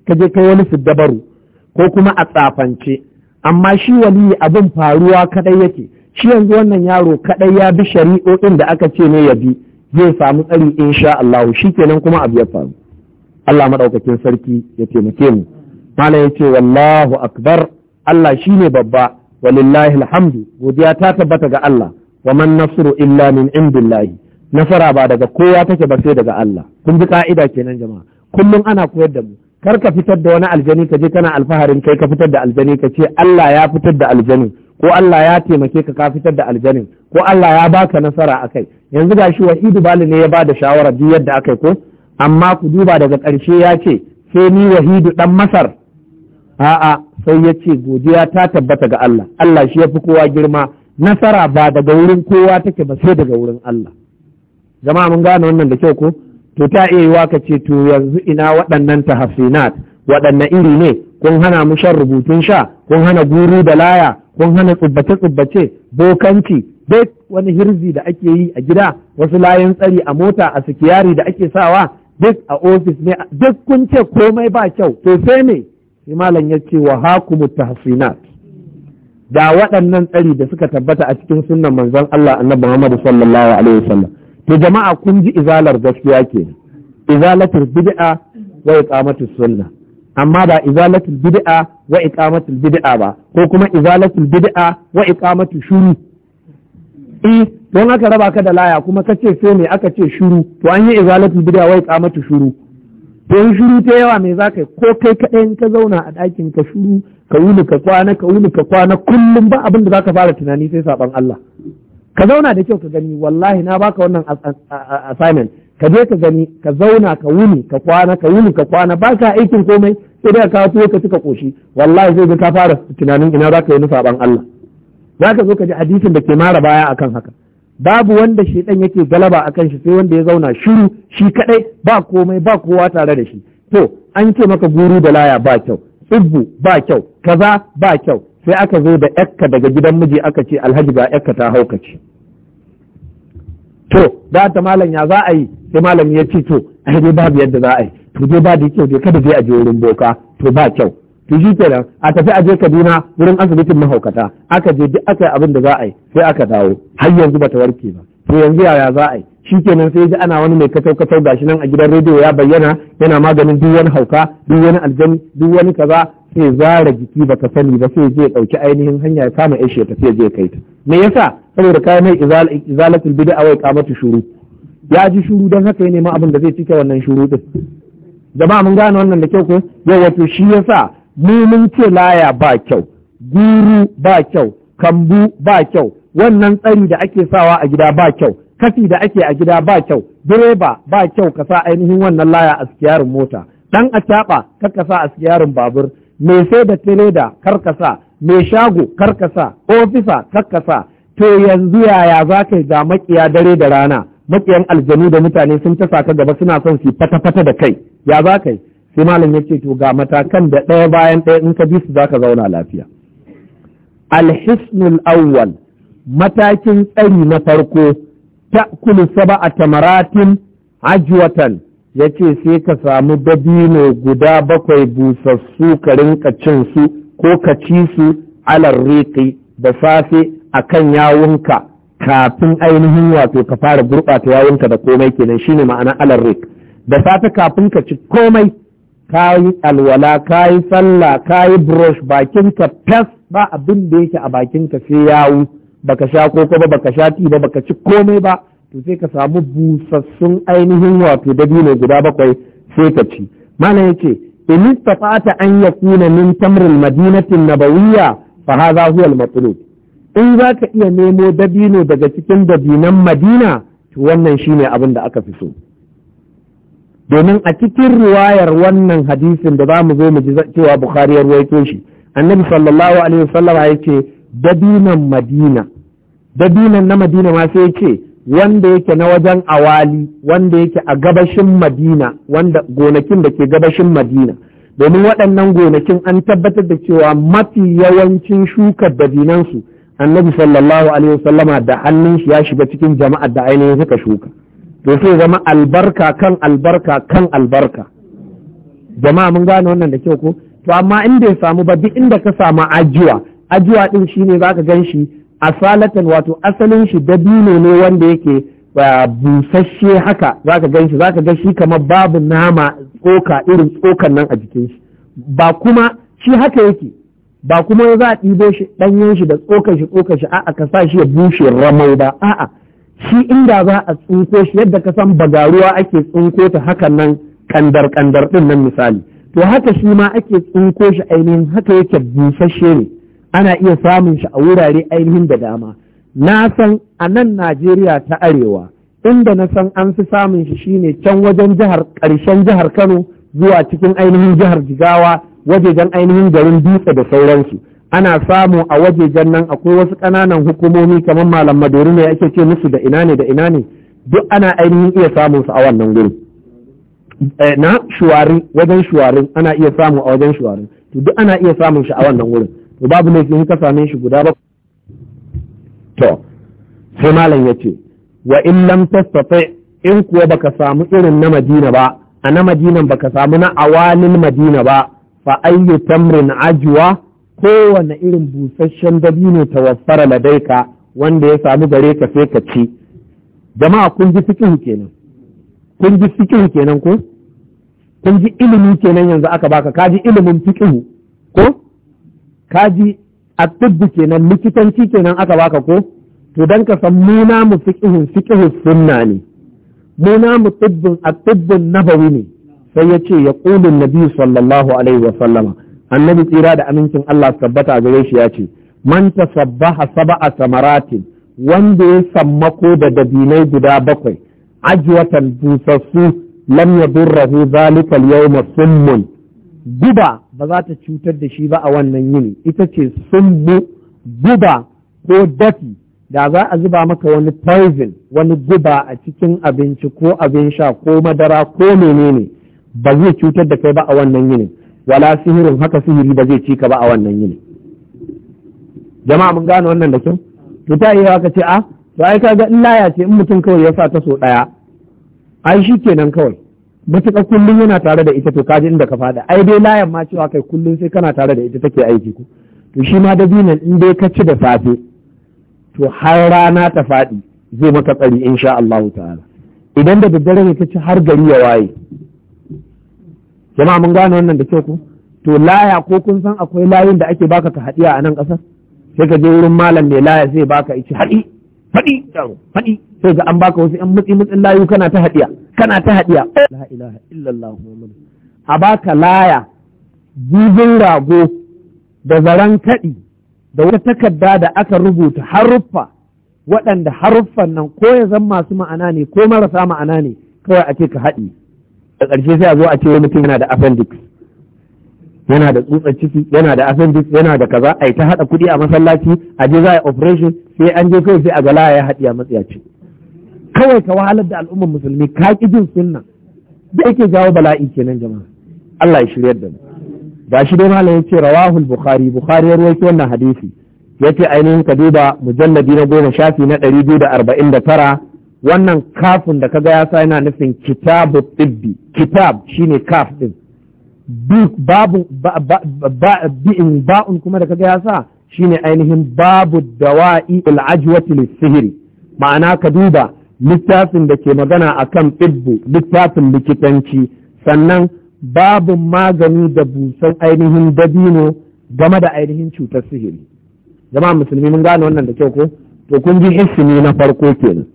ka je kai wani dabaru ko kuma a tsafance amma shi waliyi abin faruwa kaɗai yake shi yanzu wannan yaro kaɗai ya bi shari'o'in da aka ce ne ya bi zai samu tsari insha Allah kenan kuma abu ya faru Allah madaukakin sarki ya taimake mu malam yace wallahu akbar Allah shine babba walillahi alhamdu godiya ta tabbata ga Allah wa man nasru illa min indillahi nasara ba daga kowa take ba sai daga Allah kun ji ka'ida kenan jama'a kullum ana koyar da mu kar ka fitar da wani aljani ka je kana alfaharin kai ka fitar da aljani ka ce Allah ya fitar da aljanu, ko Allah ya taimake ka ka fitar da aljanu, ko Allah ya baka nasara akai yanzu gashi wahidu bali ne ya ba da shawara duk yadda akai ko amma ku duba daga ƙarshe ya ce sai ni wahidu dan masar a'a sai ya ce godiya ta tabbata ga Allah Allah shi ya fi kowa girma nasara ba daga wurin kowa take ba sai daga wurin Allah Zama mun gane wannan da kyau ko to ta iya yiwa ka ce to yanzu ina waɗannan tahassinat waɗanne iri ne kun hana mu shan rubutun sha kun hana guru da laya kun hana tsubbace tsubbace bokanci duk wani hirzi da ake yi a gida wasu layan tsari a mota a sikiyari da ake sawa duk a ofis ne duk kun ce komai ba kyau to sai ne Imalan ya ce wa hakumu tahsinat da waɗannan tsari da suka tabbata a cikin sunan manzon Allah annabi Muhammad sallallahu alaihi wasallam to jama'a kun ji izalar gaskiya ke izalatul bid'a wa iqamatus sunna amma ba izalatul bid'a wa iqamatul bid'a ba ko kuma izalatul bid'a wa iqamatus shuru eh don aka raba ka da laya kuma kace sai me aka ce shuru to an yi izalatul bid'a wa iqamatus shuru to in shuru ta yawa me zaka ko kai kadai ka zauna a ɗakin ka shuru ka wuni ka kwana ka wuni ka kwana kullum ba abin da zaka fara tunani sai saban Allah ka zauna da kyau ka gani wallahi na baka wannan assignment ka je ka gani ka zauna ka wuni ka kwana ka wuni ka kwana ba ka aikin komai sai da ka tuwo ka cika koshi wallahi sai ka fara tunanin ina zaka yi nufaban Allah zaka zo ka ji hadisin da ke mara baya akan haka babu wanda shedan yake galaba akan shi sai wanda ya zauna shiru shi kadai ba komai ba kowa tare da shi to an ce maka guru da laya ba kyau tsibbu ba kyau kaza ba kyau sai aka zo da yakka daga gidan miji aka ce alhaji ga yakka ta haukace to da ta malam ya za a yi sai malam ya ce to ai dai babu yadda za a yi to dai ba da kyau dai kada dai a je wurin boka to ba kyau to shi kenan a tafi a je Kaduna wurin asibitin mahaukata aka je duk aka yi abin da za a yi sai aka dawo har yanzu bata warke ba to yanzu yaya za a yi shi kenan sai ji ana wani mai kasau kasau gashi nan a gidan rediyo ya bayyana yana maganin duk wani hauka duk wani aljani duk wani kaza sai zara jiki baka sani ba sai zai ɗauki ainihin hanya ya kama ishi ta sai zai kai ta me yasa saboda kai mai izalatul bid'a wai mata shuru ya ji shuru dan haka ya nemi abin da zai cike wannan shuru din jama'a mun gane wannan da kyau ko yau wato shi yasa mu mun ce laya ba kyau guru ba kyau kambu ba kyau wannan tsari da ake sawa a gida ba kyau kafi da ake a gida ba kyau direba ba kyau ka sa ainihin wannan laya a siyarin mota dan a taɓa ka sa a siyarin babur mai sai da tireda karkasa mai shago karkasa ofisa karkasa to yanzu yaya za ka ga makiya dare da rana makiyan aljanu da mutane sun ta saka gaba suna son su fata fata da kai ya za ka yi sai malam ya ce to ga matakan da ɗaya bayan ɗaya in ka bi su za ka zauna lafiya alhisnul awwal matakin tsari na farko ta kulu saba a tamaratin ya ce sai ka samu dabino guda bakwai busassu ka rinka cin su ko ka ci su alar riƙi da safe a kan yawunka kafin ainihin wato ka fara gurɓata yawunka da komai kenan shine ma'ana alar riƙi da safe kafin ka ci komai ka yi alwala ka yi sallah ka yi brush bakinka fes ba abin da yake a bakinka sai yawu baka sha koko ba baka sha ti ba baka ci komai ba to sai ka samu busassun ainihin wato dabino guda bakwai sai ka ci malam yace in istafata an yakuna min tamril madinatin nabawiyya fa hadha huwa al in za ka iya nemo dabino daga cikin dabinan madina to wannan shine abin da aka fi so domin a cikin riwayar wannan hadisin da za mu zo mu ji cewa bukhari ya ruwaito shi annabi sallallahu alaihi wasallam dabinan madina dabinan na madina ma sai ya wanda yake na wajen awali wanda yake a gabashin madina wanda gonakin da ke gabashin madina domin waɗannan gonakin an tabbatar da cewa mafi yawancin shukar dabinansu annabi sallallahu alaihi wasallama da hannun shi ya shiga cikin jama'a da ainihin suka shuka to sai zama albarka kan albarka kan albarka jama'a mun gane wannan da kyau ko to amma in bai samu ba duk inda ka samu ajiwa ajiwa din shine zaka gan shi asalatan wato asalin shi dabino ne wanda yake busasshe haka zaka gan shi zaka ga shi kamar babu nama tsoka irin tsokan nan a jikin shi ba kuma shi haka yake ba kuma za a ɗibo shi ɗanyen shi da tsokan shi tsokan shi a'a ka sa shi ya bushe ramau ba a'a shi inda za a tsinko shi yadda ka san bagaruwa ake tsinko ta hakan nan kandar kandar din nan misali to haka shi ma ake tsinko shi ainihin haka yake busasshe ne ana iya samun shi a wurare ainihin da dama na san a nan najeriya ta arewa inda na san an fi samun shi shine can wajen jihar ƙarshen jihar kano zuwa cikin ainihin jihar jigawa wajejen ainihin garin dutse da sauransu ana samu a wajejen nan akwai wasu ƙananan hukumomi kamar malam madori ne ake ce musu da ina ne da ina ne duk ana ainihin iya samun su a wannan eh, na shuwarin wajen shuwarin ana iya samu a wajen shuwarin duk ana iya samun shi a wannan wurin to babu laifin ka same shi guda ba to sai malam ya ce wa in lam tastati in kuwa baka samu irin na madina ba a na madinan baka samu na awalin madina ba fa ayyu tamrin ajwa kowane irin busasshen dabino ta tawaffara ladaika wanda ya samu gare ka sai ka ci jama'a kun ji fikihu kenan kun ji fikihu kenan ko kun ji ilimi kenan yanzu aka baka ka ji ilimin fikihu ko kaji a tubbu kenan likitanci kenan aka baka ko to dan ka san mu mu fiqhu fiqhu sunna ne mu mu tubbun a tubbun nabawi ne sai ya ce ya qulu nabi sallallahu alaihi wa sallama annabi tsira da amincin Allah tabbata gare shi ya ce man tasabbaha sab'a samarati wanda ya sammako da dabinai guda bakwai ajwatan busassu lam yadurru zalika al-yawma summun guba ba za ta cutar da shi ba a wannan yini ita ce sun guba ko dafi da za a zuba maka wani poison wani guba a cikin abinci ko abin sha ko madara ko menene ba zai cutar da kai ba a wannan yini wala sihirin haka sihiri ba zai cika ba a wannan yini jama'a mun gane wannan da kyau to ta yi haka ce a ah, to ai kaga in ya ce in mutum kawai ya sa ta so daya ai kenan kawai matuƙa kullum yana tare da ita to kaji inda ka fada ai dai layan ma cewa kai kullum sai kana tare da ita take aiki ku to shi ma binan in dai ka ci da safe to har rana ta faɗi zai maka tsari insha Allahu ta'ala idan da daddare ne ka ci har gari ya waye jama'a mun gane wannan da kyau ku to laya ko kun san akwai layin da ake baka ka haɗiya a nan ƙasar sai ka je wurin malam mai laya zai baka ici haɗi faɗi faɗi sai ga an baka wasu yan mutsi mutsin layu kana ta haɗiya kana ta haɗiya la ilaha illallah muhammadu a baka laya bibin rago da zaren kaɗi da wata takarda da aka rubuta haruffa waɗanda haruffan nan ko ya zan masu ma'ana ne ko marasa ma'ana ne kawai a ka haɗi da ƙarshe sai a zo a ce mutum yana da appendix yana da tsutsar ciki yana da appendix yana da kaza a yi ta haɗa kuɗi a masallaci a je za a operation sai an je kawai sai a ga laya ya haɗi a matsayaci kawai ka wahalar da al'ummar musulmi ka ki jin sunna da yake jawo bala'i kenan jama'a Allah ya shiryar da mu Ga shi dai malam yace rawahul bukhari bukhari ya rawaito wannan hadisi yace ainihin ka duba mujalladi na goma shafi na ɗari biyu da arba'in da tara wannan kafin da kaga ya sa yana nufin kitabu tibbi kitab shine kaf din duk babu ba'in ba'un kuma da kaga ya sa shine ainihin babu dawa'i al ajwati lis ma'ana ka duba littafin da ke magana a kan tibbu littafin likitanci sannan babu magani da busan ainihin dabino game da ainihin cutar sihiri a musulmi mun gane wannan da kyau ko to kun ji ismi na farko kenan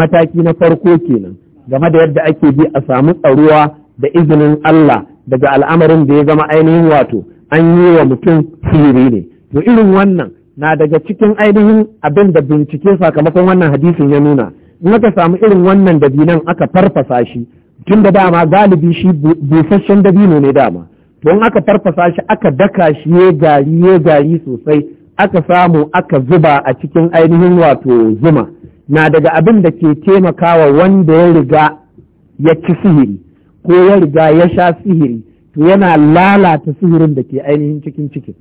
mataki na farko kenan game da yadda ake bi a samu tsaruwa da izinin Allah daga al'amarin da ya zama ainihin wato an yi wa mutum sihiri ne to irin wannan na daga cikin ainihin abin da bincike sakamakon wannan hadisin ya nuna muka samu irin wannan dabinan aka farfasa shi tun da dama galibi shi busasshen dabino ne dama don aka farfasa shi aka daka shi ya gari ya gari sosai aka samu aka zuba a cikin ainihin wato zuma na daga abin da ke taimakawa wanda ya riga ya ci sihiri ko ya riga ya sha sihiri to yana lalata sihirin da ke ainihin cikin cikin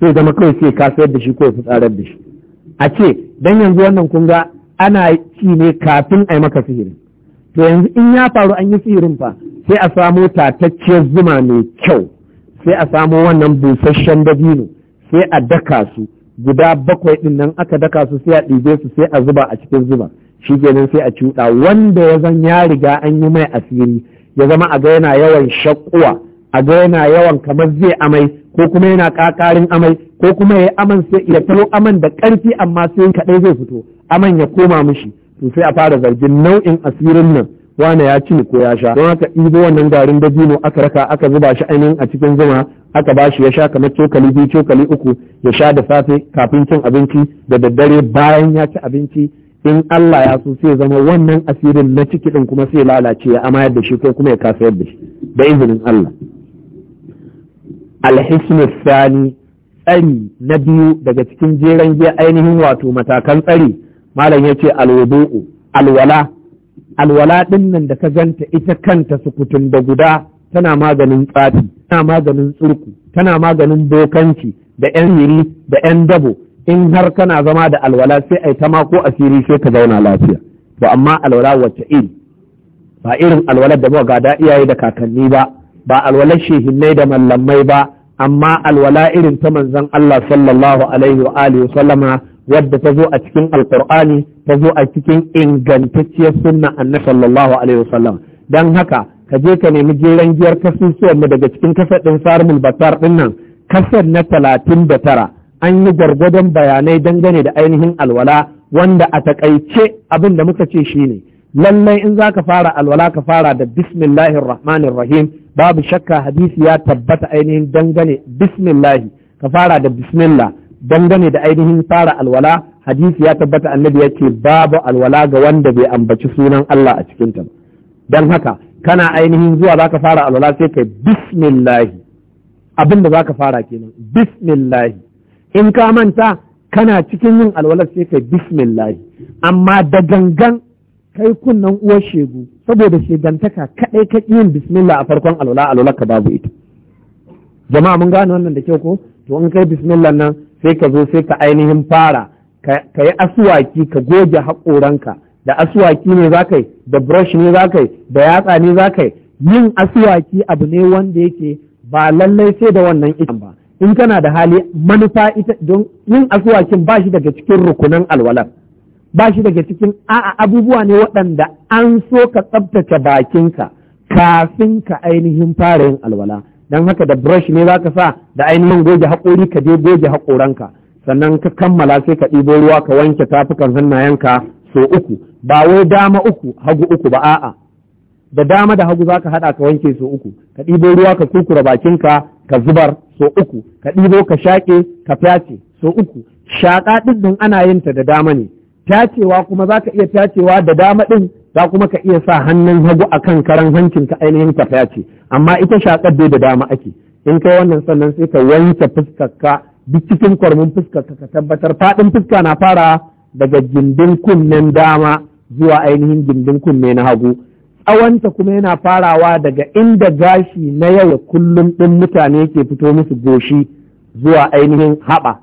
sai zama kawai sai ka sayar da shi ko fitsarar da shi a ce don yanzu wannan kun ga ana ci ne kafin a yi maka sihirin to yanzu in ya faru an yi sihirin fa sai a samo tatacciyar zuma mai kyau sai a samo wannan busasshen dabino sai a daka su guda bakwai din nan aka daka su sai a ɗibe su sai a zuba a cikin zuba shi kenan sai a cuɗa wanda ya zan ya riga an yi mai asiri ya zama a ga yana yawan shakuwa a ga yana yawan kamar zai amai ko kuma yana ƙaƙarin amai ko kuma ya aman sai ya taro aman da ƙarfi amma sai kaɗai zai fito aman ya koma mishi to sai a fara zargin nau'in asirin nan wane ya ci ko ya sha don haka ibo wannan garin dabino aka raka aka zuba shi ainihin a cikin zuma aka ba shi ya sha kamar cokali biyu cokali uku ya sha da safe kafin cin abinci da daddare bayan ya ci abinci in Allah ya so sai zama wannan asirin na ciki din kuma sai lalace ya amayar da shi ko kuma ya kasa yadda shi da izinin Allah alhisnu sani tsari na biyu daga cikin jeren giya ainihin wato matakan tsari malam ya ce alwudu'u alwala alwala din nan da ka ganta ita kanta sukutun da guda tana maganin tsafi tana maganin tsurku tana maganin bokanci da yan yiri da yan dabo in har kana zama da alwala sai ai ta ma ko asiri sai ka zauna lafiya to amma alwala wacce iri ba irin alwala da ga da iyaye da kakanni ba ba alwalar shehinnai da mallamai ba amma alwala irin ta manzon Allah sallallahu alaihi wa alihi sallama wadda ta zo a cikin alkur'ani ta zo a cikin ingantacciyar sunna annabi sallallahu alaihi wasallam dan haka ka je ka nemi jeren giyar kasusuwan mu daga cikin kasar din sarmul batar din nan kasar na talatin da tara an yi gwargwadon bayanai dangane da ainihin alwala wanda a takaice abin da muka ce shine lallai in za ka fara alwala ka fara da bismillahir rahmanir rahim babu shakka hadisi ya tabbata ainihin dangane bismillahi ka fara da bismillah dangane da ainihin fara alwala hadisi ya tabbata annabi yake babu alwala ga wanda bai ambaci sunan Allah a cikin ta dan haka kana ainihin zuwa zaka fara alwala sai kai bismillah Abinda zaka fara kenan bismillah in ka manta kana cikin yin alwala sai kai bismillah amma da gangan kai kunnan uwar shegu saboda shegantaka kadai ka yin bismillah a farkon alwala alwala ka babu ita jama'a mun gane wannan da kyau ko to in kai bismillah nan sai ka zo sai ka ainihin fara ka yi asuwaki ka goge haƙoranka da asuwaki ne za kai da brush ne za kai da yatsa ne za yi. yin asuwaki abu ne wanda yake ba lallai sai da wannan ita. ba in kana da hali manufa ita don yin asuwakin ba shi daga cikin rukunan alwalar ba shi daga cikin a'a abubuwa ne waɗanda an so ka tsabtace bakinka kafin ka ainihin fara yin alwala don haka da brush ne za ka sa da ainihin goge haƙori ka je goge haƙoranka sannan ka kammala sai ka ɗibo ruwa ka wanke tafukan hannayenka so uku ba wai dama uku hagu uku ba a'a da dama da hagu za ka haɗa ka wanke so uku ka ɗibo ruwa ka kukura bakinka ka zubar so uku ka ɗibo ka shaƙe ka fyace so uku shaƙa ɗin ana yin ta da dama ne tacewa kuma za ka iya tacewa da dama ɗin za kuma ka iya sa hannun hagu a kan karan hancin ka ainihin ka face amma ita shaƙar dai da dama ake in kai wannan sannan sai ka wanke fuskarka duk cikin kwarmin fuskarka ka tabbatar faɗin fuska na fara daga gindin kunnen dama zuwa ainihin gindin kunne na hagu tsawonta kuma yana farawa daga inda gashi na yau kullum ɗin mutane ke fito musu goshi zuwa ainihin haɓa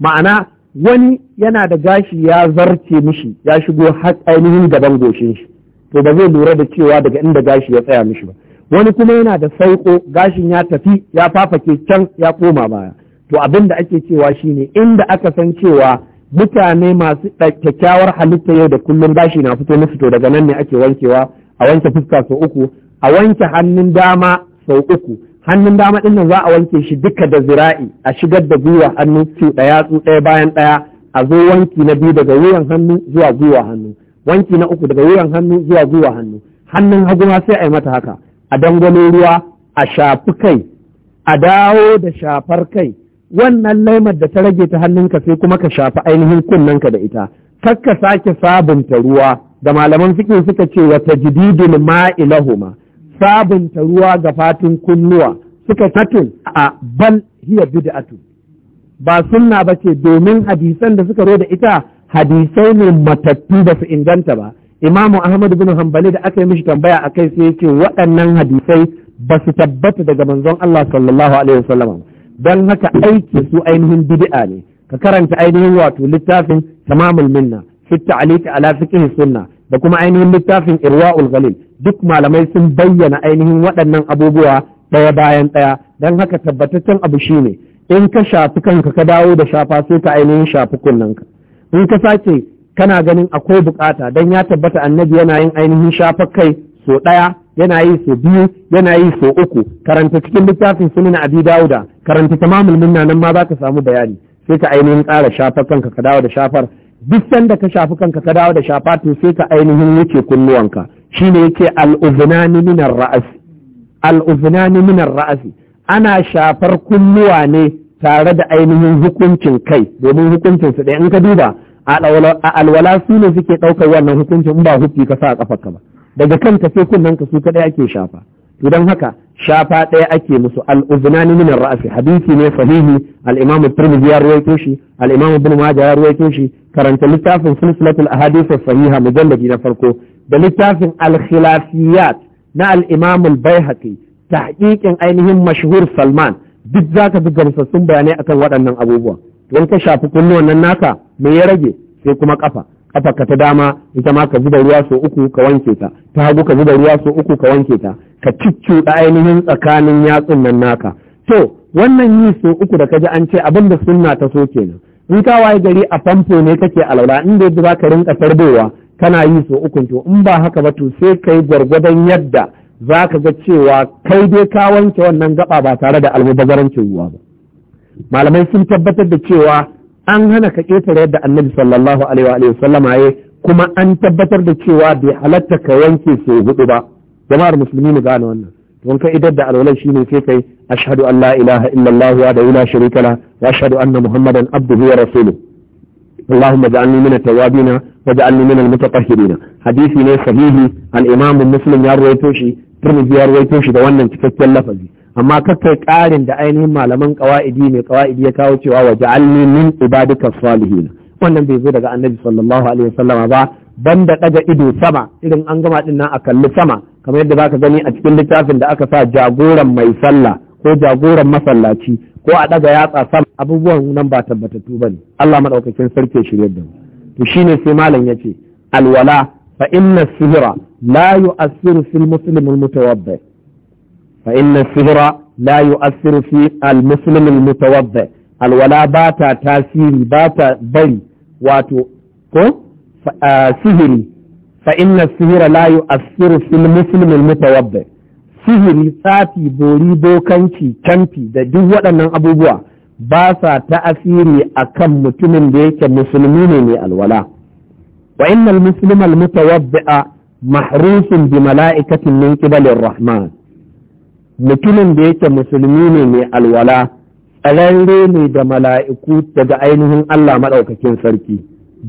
ma'ana wani yana da gashi ya zarce mishi ya shigo har ainihin gaban goshin shi to ba zai lura da cewa daga inda gashi ya tsaya mishi ba wani kuma yana da sauko gashin ya tafi ya fafake can ya koma baya to abin da ake cewa shine inda aka san cewa mutane masu kyakkyawar halitta yau da kullum gashi na fito musu to daga nan ne ake wankewa a wanke fuska sau uku a wanke hannun dama sau uku hannun dama ɗin nan za a wanke shi duka da zira'i a shigar da gwiwa hannu su ɗaya su ɗaya bayan ɗaya a zo wanki na biyu daga wuyan hannu zuwa gwiwa hannu wanki na uku daga wuyan hannu zuwa gwiwa hannu hannun hagu ma sai a yi mata haka a dangwalo ruwa a shafi kai a dawo da shafar kai wannan laimar da ta rage ta hannunka sai kuma ka shafi ainihin kunnenka da ita kakka sake sabunta ruwa da malaman fikin suka ce wa tajdidul ma'ilahuma sabunta ruwa ga fatun kunnuwa suka katun a bal hiya bid'atu ba sunna ba ce domin hadisan da suka roda ita hadisai ne matattu ba su inganta ba imamu ahmad bin hanbali da aka yi mishi tambaya a kai sai yake waɗannan hadisai ba su tabbata daga manzon Allah sallallahu alaihi wasallam dan haka aiki su ainihin bid'a ne ka karanta ainihin wato littafin tamamul minna fi ta'liq ala fiqh sunna da kuma ainihin littafin irwa'ul ghalil duk malamai sun bayyana ainihin waɗannan abubuwa ɗaya bayan ɗaya don haka tabbataccen abu shine in ka shafi kanka ka dawo da shafa sai ka ainihin shafi kunnanka in ka sake kana ganin akwai bukata don ya tabbata annabi yana yin ainihin shafar kai so ɗaya yana yi so biyu yana yi so uku karanta cikin littafin sunan abi dauda karanta tamamul minna nan ma za ka samu bayani sai ka ainihin ƙara shafar kanka ka dawo da shafar duk sanda ka shafi kanka ka dawo da shafa to sai ka ainihin wuce kunnuwanka shine yake al-udhnani min ar-ra's al min ar-ra's ana shafar kunnuwa ne tare da ainihin hukuncin kai domin hukuncin su ɗaya in ka duba a alwala su ne suke ɗaukar wannan hukuncin in ba hukki ka sa a kafarka ba daga kanka sai kunnen ka su kaɗai ake shafa to don haka shafa ɗaya ake musu al'uzunani minar ra'asi hadisi ne sahihi al'imamu turmizi ya ruwaito shi al'imamu bin maja ya ruwaito shi karanta littafin sulsulatul ahadithus sahiha mujalladi na farko da littafin al-khilafiyat na al-imamu al-baihaqi tahqiqin ainihin mashhur salman duk zaka bi gamsassun bayanai akan waɗannan abubuwa don ka shafi kunnuwan nan naka me ya rage sai kuma kafa kafarka ta dama ita ma ka zuba ruwa so uku ka wanke ta ta hagu ka zuba ruwa so uku ka wanke ta ka da ainihin tsakanin yatsun nan naka to wannan yi so uku da kaji an ce abin da sunna ta so kenan in ka waye gari a famfo ne kake alaula in da yadda ka rinka tarbowa kana yi so uku to in ba haka ba to sai kai gwargwadon yadda za ka ga cewa kai dai ka wanke wannan gaba ba tare da almubazarancin ruwa ba malamai sun tabbatar da cewa an hana ka ƙetare yadda annabi sallallahu alaihi wa sallama ya kuma an tabbatar da cewa bai halatta ka wanke sau hudu ba jama'ar musulmi mu gane wannan don ka idar da alwalai shine sai kai ashhadu an la ilaha illallah wa la sharika la wa ashhadu anna muhammadan abduhu wa rasuluhu اللهم اجعلني من التوابين واجعلني من المتطهرين Hadisi ne sahihi al-imam muslim ya rawaito shi tirmidhi ya rawaito shi da wannan cikakken lafazi amma kakai ƙarin da ainihin malaman ƙawa'idi mai ƙawa'idi ya kawo cewa wa ja'alni min ibadika salihin wannan bai zo daga annabi sallallahu alaihi wasallam ba banda daga ido sama irin an gama din nan a kalli sama kamar yadda zaka gani a cikin littafin da aka sa jagoran mai sallah ko jagoran masallaci ko a daga yatsa sama abubuwan nan ba tabbatattu bane Allah madaukakin sarki shirye da mu to shine sai malam yace alwala fa inna sihra la yu'assiru fil muslim mutawabbi fa inna sihra la yu'assiru fi al-muslim al-mutawaddi alwala ba ta tasiri ba ta bari wato sihiri fa inna sihra la yu'assiru fi al-muslim al-mutawaddi sihiri tsafi bori bokanci canfi da duk waɗannan abubuwa ba sa a kan mutumin da yake musulmi ne mai alwala wa innal muslima al bi mala'ikatin min rahman mutumin da yake musulmi ne mai alwala tsararre ne da mala'iku daga ainihin Allah maɗaukakin sarki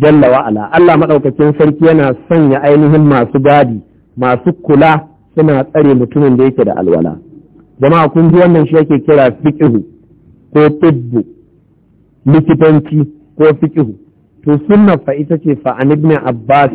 jalla wa'ala Allah maɗaukakin sarki yana sanya ainihin masu gadi masu kula suna tsare mutumin da yake da alwala zama kun ji wannan shi yake kira fiqhu ko tibbu likitanci ko fiqhu to sunna fa ita ce fa an ibn abbas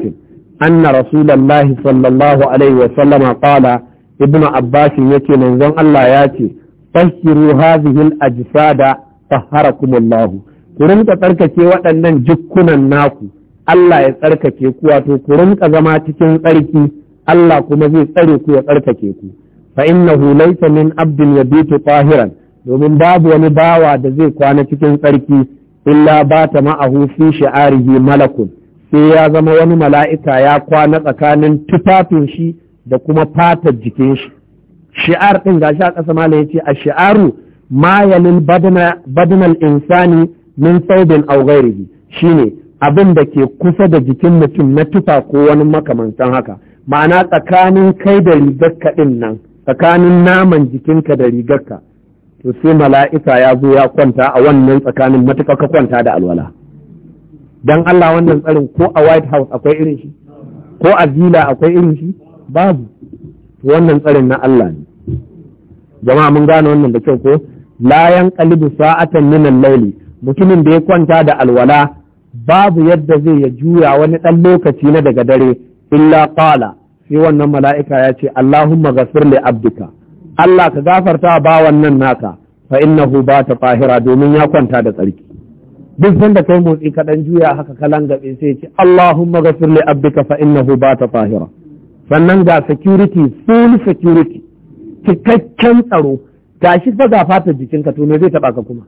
anna rasulullahi sallallahu alaihi wa sallama qala ibnu abbas yake manzon Allah ya ce tahiru hadhihi al-ajsada tahharakumullahu ku rinka tsarkake waɗannan jikkunan naku Allah ya tsarkake ku wato ku rinka zama cikin tsarki Allah kuma zai tsare ku ya tsarkake ku fa innahu laysa min abdin yabitu tahiran domin babu wani bawa da zai kwana cikin tsarki illa bata ta ma'ahu fi shi'arihi malakun sai ya zama wani mala'ika ya kwana tsakanin tufafin shi da kuma fatar jikin shi shi'ar ɗin gashi a ƙasa mala yace a shi'aru ma yalil badnal insani min saubin aw ghairihi shine abin da ke kusa da jikin mutum na tufa ko wani makamantan haka ma'ana tsakanin kai da rigarka ɗin nan tsakanin naman jikinka da rigarka to sai mala'ika ya zo ya kwanta a wannan tsakanin matuƙa ka kwanta da alwala dan Allah wannan tsarin ko a White House akwai irin shi ko a Zila akwai irin shi babu wannan tsarin na Allah ne jama'a mun gane wannan da kyau ko layan kalibu sa'atan minan laili mutumin da ya kwanta da alwala babu yadda zai ya juya wani ɗan lokaci na daga dare illa qala sai wannan mala'ika ya ce Allahumma ghafir li abdika Allah ka gafarta bawan nan naka fa innahu ba ta fahira domin ya kwanta da tsarki duk sanda kai motsi kaɗan juya haka kalan gabe sai ya ce Allahumma ghafir li abdika fa innahu ba ta fahira sannan ga security full security cikakken tsaro Tashi fa ga fatar jikinka to me zai taba ka kuma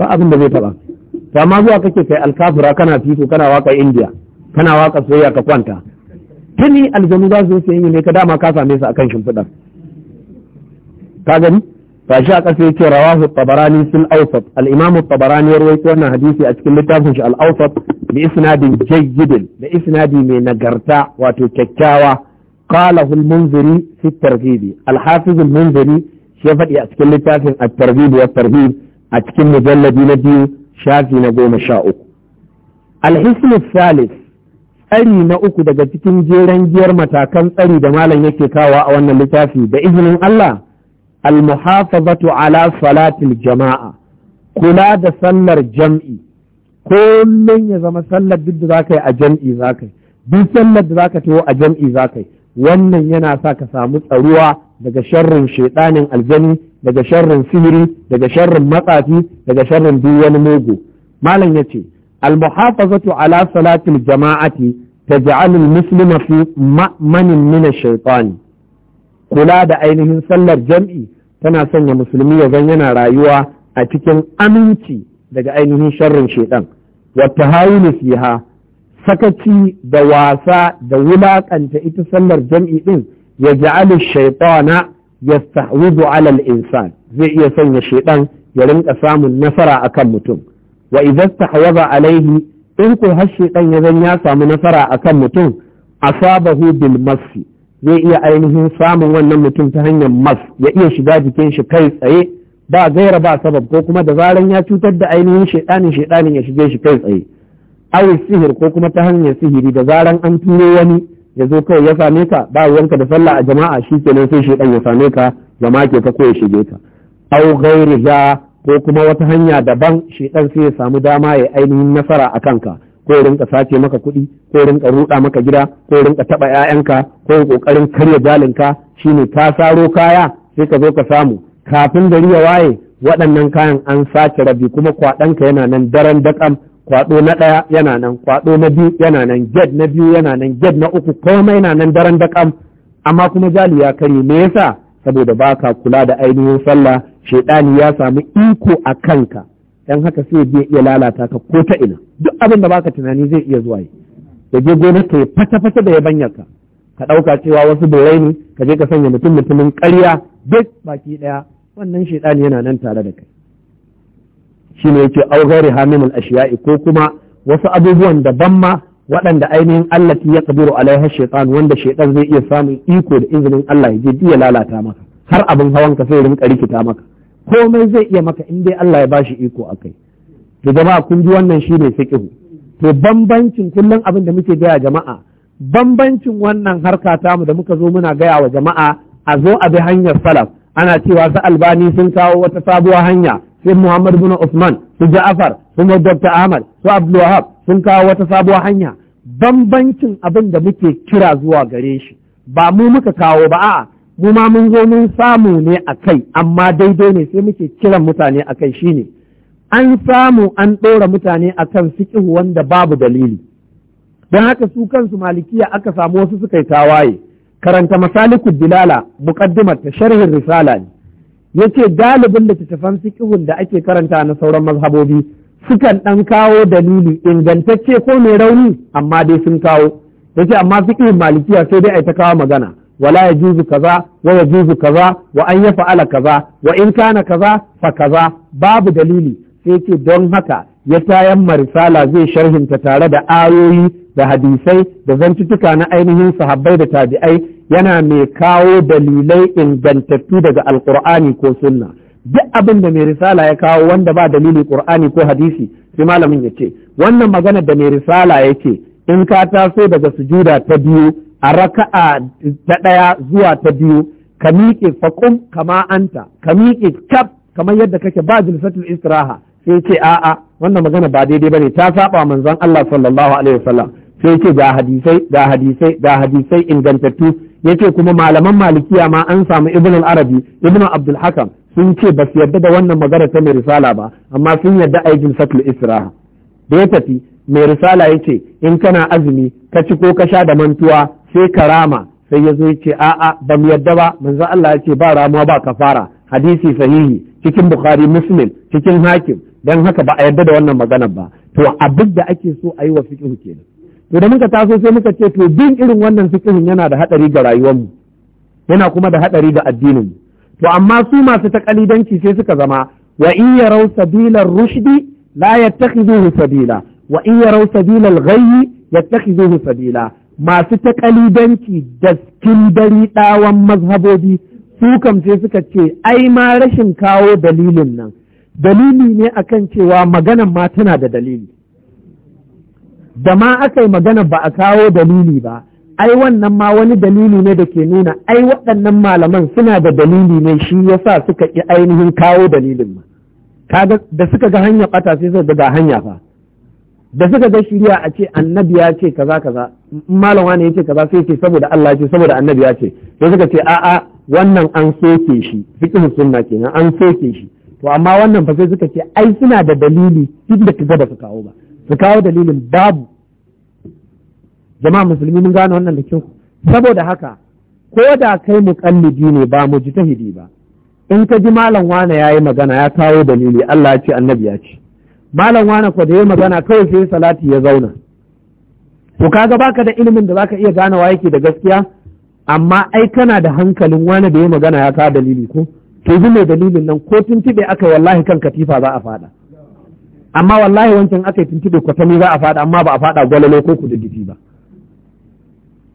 ba abin da zai taba to amma zuwa kake kai alkafura kana fito kana waka india kana waka soyayya ka kwanta tuni aljanu za su yi ne ka dama ka same su akan shimfiɗar ka gani shi a ƙasa yake rawahu tabarani sun awsat al-imam tabarani rawaito wannan hadisi a cikin littafin shi al-awsat bi isnadin jayyidin da isnadi mai nagarta wato kyakkyawa qalahu al-munziri fi at-targhib munziri ya faɗi a cikin littafin at-targhib wa tarhib a cikin mujalladi na biyu shafi na goma sha uku al-hisn thalith tsari na uku daga cikin jeren giyar matakan tsari da malam yake kawa a wannan littafi da izinin Allah al-muhafazatu ala salatil jama'a kula da sallar jam'i kullum ya zama sallar duk da zaka yi a jam'i zaka yi duk sallar da zaka taho a jam'i zaka yi wannan yana sa ka samu tsaruwa daga sharrin shaidanin aljani daga sharrin sihiri daga sharrin matsafi daga sharrin duk wani mugu malam yace al muhafazatu ala salatil jama'ati taj'alu al muslima fi ma'manin min ash kula da ainihin sallar jam'i tana sanya musulmi ya zan yana rayuwa a cikin aminci daga ainihin sharrin shaidan wa tahawulu fiha sakaci da wasa da wulakanta ita sallar jam'i din ya ja'ala shaytana ya ala alal insan zai iya sanya shaiɗan ya rinka samun nasara akan mutum wa idza tahwaza alaihi in ko har shaiɗan ya zan ya samu nasara akan mutum asabahu bil masi zai iya ainihin samun wannan mutum ta hanyar mas ya iya shiga jikin shi kai tsaye ba gaira ba sabab ko kuma da zaran ya cutar da ainihin shaiɗanin shaiɗanin ya shige shi kai tsaye awi sihir ko kuma ta hanyar sihiri da zaran an turo wani ya zo kawai ya same ka ba wanka da sallah a jama'a shi kenan sai shaidan ya same ka ya make ka ko ya shige ka au gairi ko kuma wata hanya daban ɗan sai ya samu dama ya ainihin nasara a kanka ko ya rinka sace maka kuɗi ko ya rinka ruɗa maka gida ko ya rinka taɓa 'ya'yanka ko ya ƙoƙarin karya jalinka shine ka saro kaya sai ka zo ka samu kafin gari ya waye waɗannan kayan an sace rabi kuma kwaɗanka yana nan daren daƙam kwaɗo na ɗaya yana nan kwaɗo na biyu yana nan ged na biyu yana nan ged na uku komai yana nan daren da kam amma kuma jali ya karye me yasa saboda baka kula da ainihin sallah shaidani ya samu iko a kanka dan haka sai zai iya lalata ka ko ta ina duk abin da baka tunani zai iya zuwa yi da je gonar ka yi fata fata da banya ka ka ɗauka cewa wasu dorai ne ka je ka sanya mutum mutumin ƙarya duk baki ɗaya wannan shaidani yana nan tare da kai shine yake au ghairi ashiya'i ko kuma wasu abubuwan daban ma waɗanda ainihin Allah ya kabiru alaiha shaitan wanda shaitan zai iya samun iko da izinin Allah ya je ya lalata maka har abin hawan ka sai rinka rikita maka komai zai iya maka in dai Allah ya bashi iko akai to jama'a kun ji wannan shine fiqhu to bambancin kullum abin da muke gaya jama'a bambancin wannan harka tamu da muka zo muna gaya wa jama'a a zo a bi hanyar salaf ana cewa su albani sun kawo wata sabuwar hanya sai Muhammad bin Usman su Ja'far su Dr. Ahmad su Abdul Wahab sun kawo wata sabuwar hanya bambancin abin da muke kira zuwa gare shi ba mu muka kawo ba a'a mu ma mun zo mun samu ne a kai amma daidai ne sai muke kiran mutane a kai shine an samu an ɗora mutane a kan fiƙihu wanda babu dalili don haka su kansu malikiya aka samu wasu suka yi tawaye karanta masalikul bilala muqaddimat ta sharhin risala ne yace galibin littattafan fiqhun da ake karanta na sauran mazhabobi sukan ɗan kawo dalili ingantacce ko mai rauni amma dai sun kawo yace amma fiqhun malikiya sai dai ai ta kawo magana wala ya yajuzu kaza wa ya yajuzu kaza wa an fa'ala kaza wa in kana kaza fa kaza babu dalili sai ce don haka ya tayan marisala zai sharhinta tare da ayoyi da hadisai da zantuttuka na ainihin sahabbai da tabi'ai yana mai kawo dalilai ingantattu daga alkur'ani ko sunna duk abin da mai risala ya kawo wanda ba dalili qur'ani ko hadisi sai malamin ya ce wannan magana da mai risala yake in ka taso daga sujuda ta biyu a raka'a ta ɗaya zuwa ta biyu ka miƙe faƙum kama anta ka miƙe kaf kamar yadda kake ba jilsatul istiraha sai ce a'a wannan magana ba daidai bane ta saba manzon Allah sallallahu alaihi wasallam sai ce ga hadisai ga hadisai ga hadisai ingantattu yace kuma malaman malikiya ma an samu ibn al-arabi ibn abdul hakam sun ce ba su yarda da wannan magana ta mai risala ba amma sun yarda a yi satul israha da ya tafi mai risala ya ce in kana azumi ka ci ko ka sha da mantuwa sai ka rama sai ya zo ya ce a'a ba mu yarda ba manzo Allah ya ce ba ramuwa ba kafara hadisi sahihi cikin bukhari muslim cikin hakim dan haka ba a yarda da wannan magana ba to a da ake so a yi wa fiqh kenan to muka taso sai muka ce to bin irin wannan fikihin yana da haɗari ga rayuwarmu yana kuma da haɗari ga addininmu to amma su masu takalidanci sai suka zama wa in yarau sabilar rushdi la yattakhiduhu sabila wa in yarau sabilal ghayyi yattakhiduhu sabila masu takalidanci da dari ɗawan mazhabobi su kam sai suka ce ai ma rashin kawo dalilin nan dalili ne akan cewa maganan ma tana da dalili da ma aka yi magana ba a kawo dalili ba ai wannan ma wani dalili ne da ke nuna ai waɗannan malaman suna da dalili ne shi ya sa suka ƙi ainihin kawo dalilin ma da suka ga hanya ɓata sai suka ga hanya fa da suka ga shirya a ce annabi ya ce kaza kaza malam wani ya ce kaza sai ce saboda Allah ce saboda annabi ya ce sai suka ce a'a wannan an soke shi fiqh sunna kenan an soke shi to amma wannan fa sai suka ce ai suna da dalili duk da kaga ba su kawo ba su kawo dalilin babu jama'a musulmi mun gane wannan da kyau saboda haka ko da kai muƙallidi ne ba mu ji tahidi ba in ka ji malam wane ya yi magana ya kawo dalili Allah ya ce annabi ya ce malam wane ko da ya yi magana kawai sai salati ya zauna to kaga baka da ilimin da zaka iya ganawa yake da gaskiya amma ai kana da hankalin wane da ya magana ya kawo dalili ko to ji mai dalilin nan ko tuntuɓe aka wallahi kan katifa za a faɗa amma wallahi wancan aka yi tuntuɓe kwatami za a faɗa amma ba a faɗa gwalalo ko ku kududdufi ba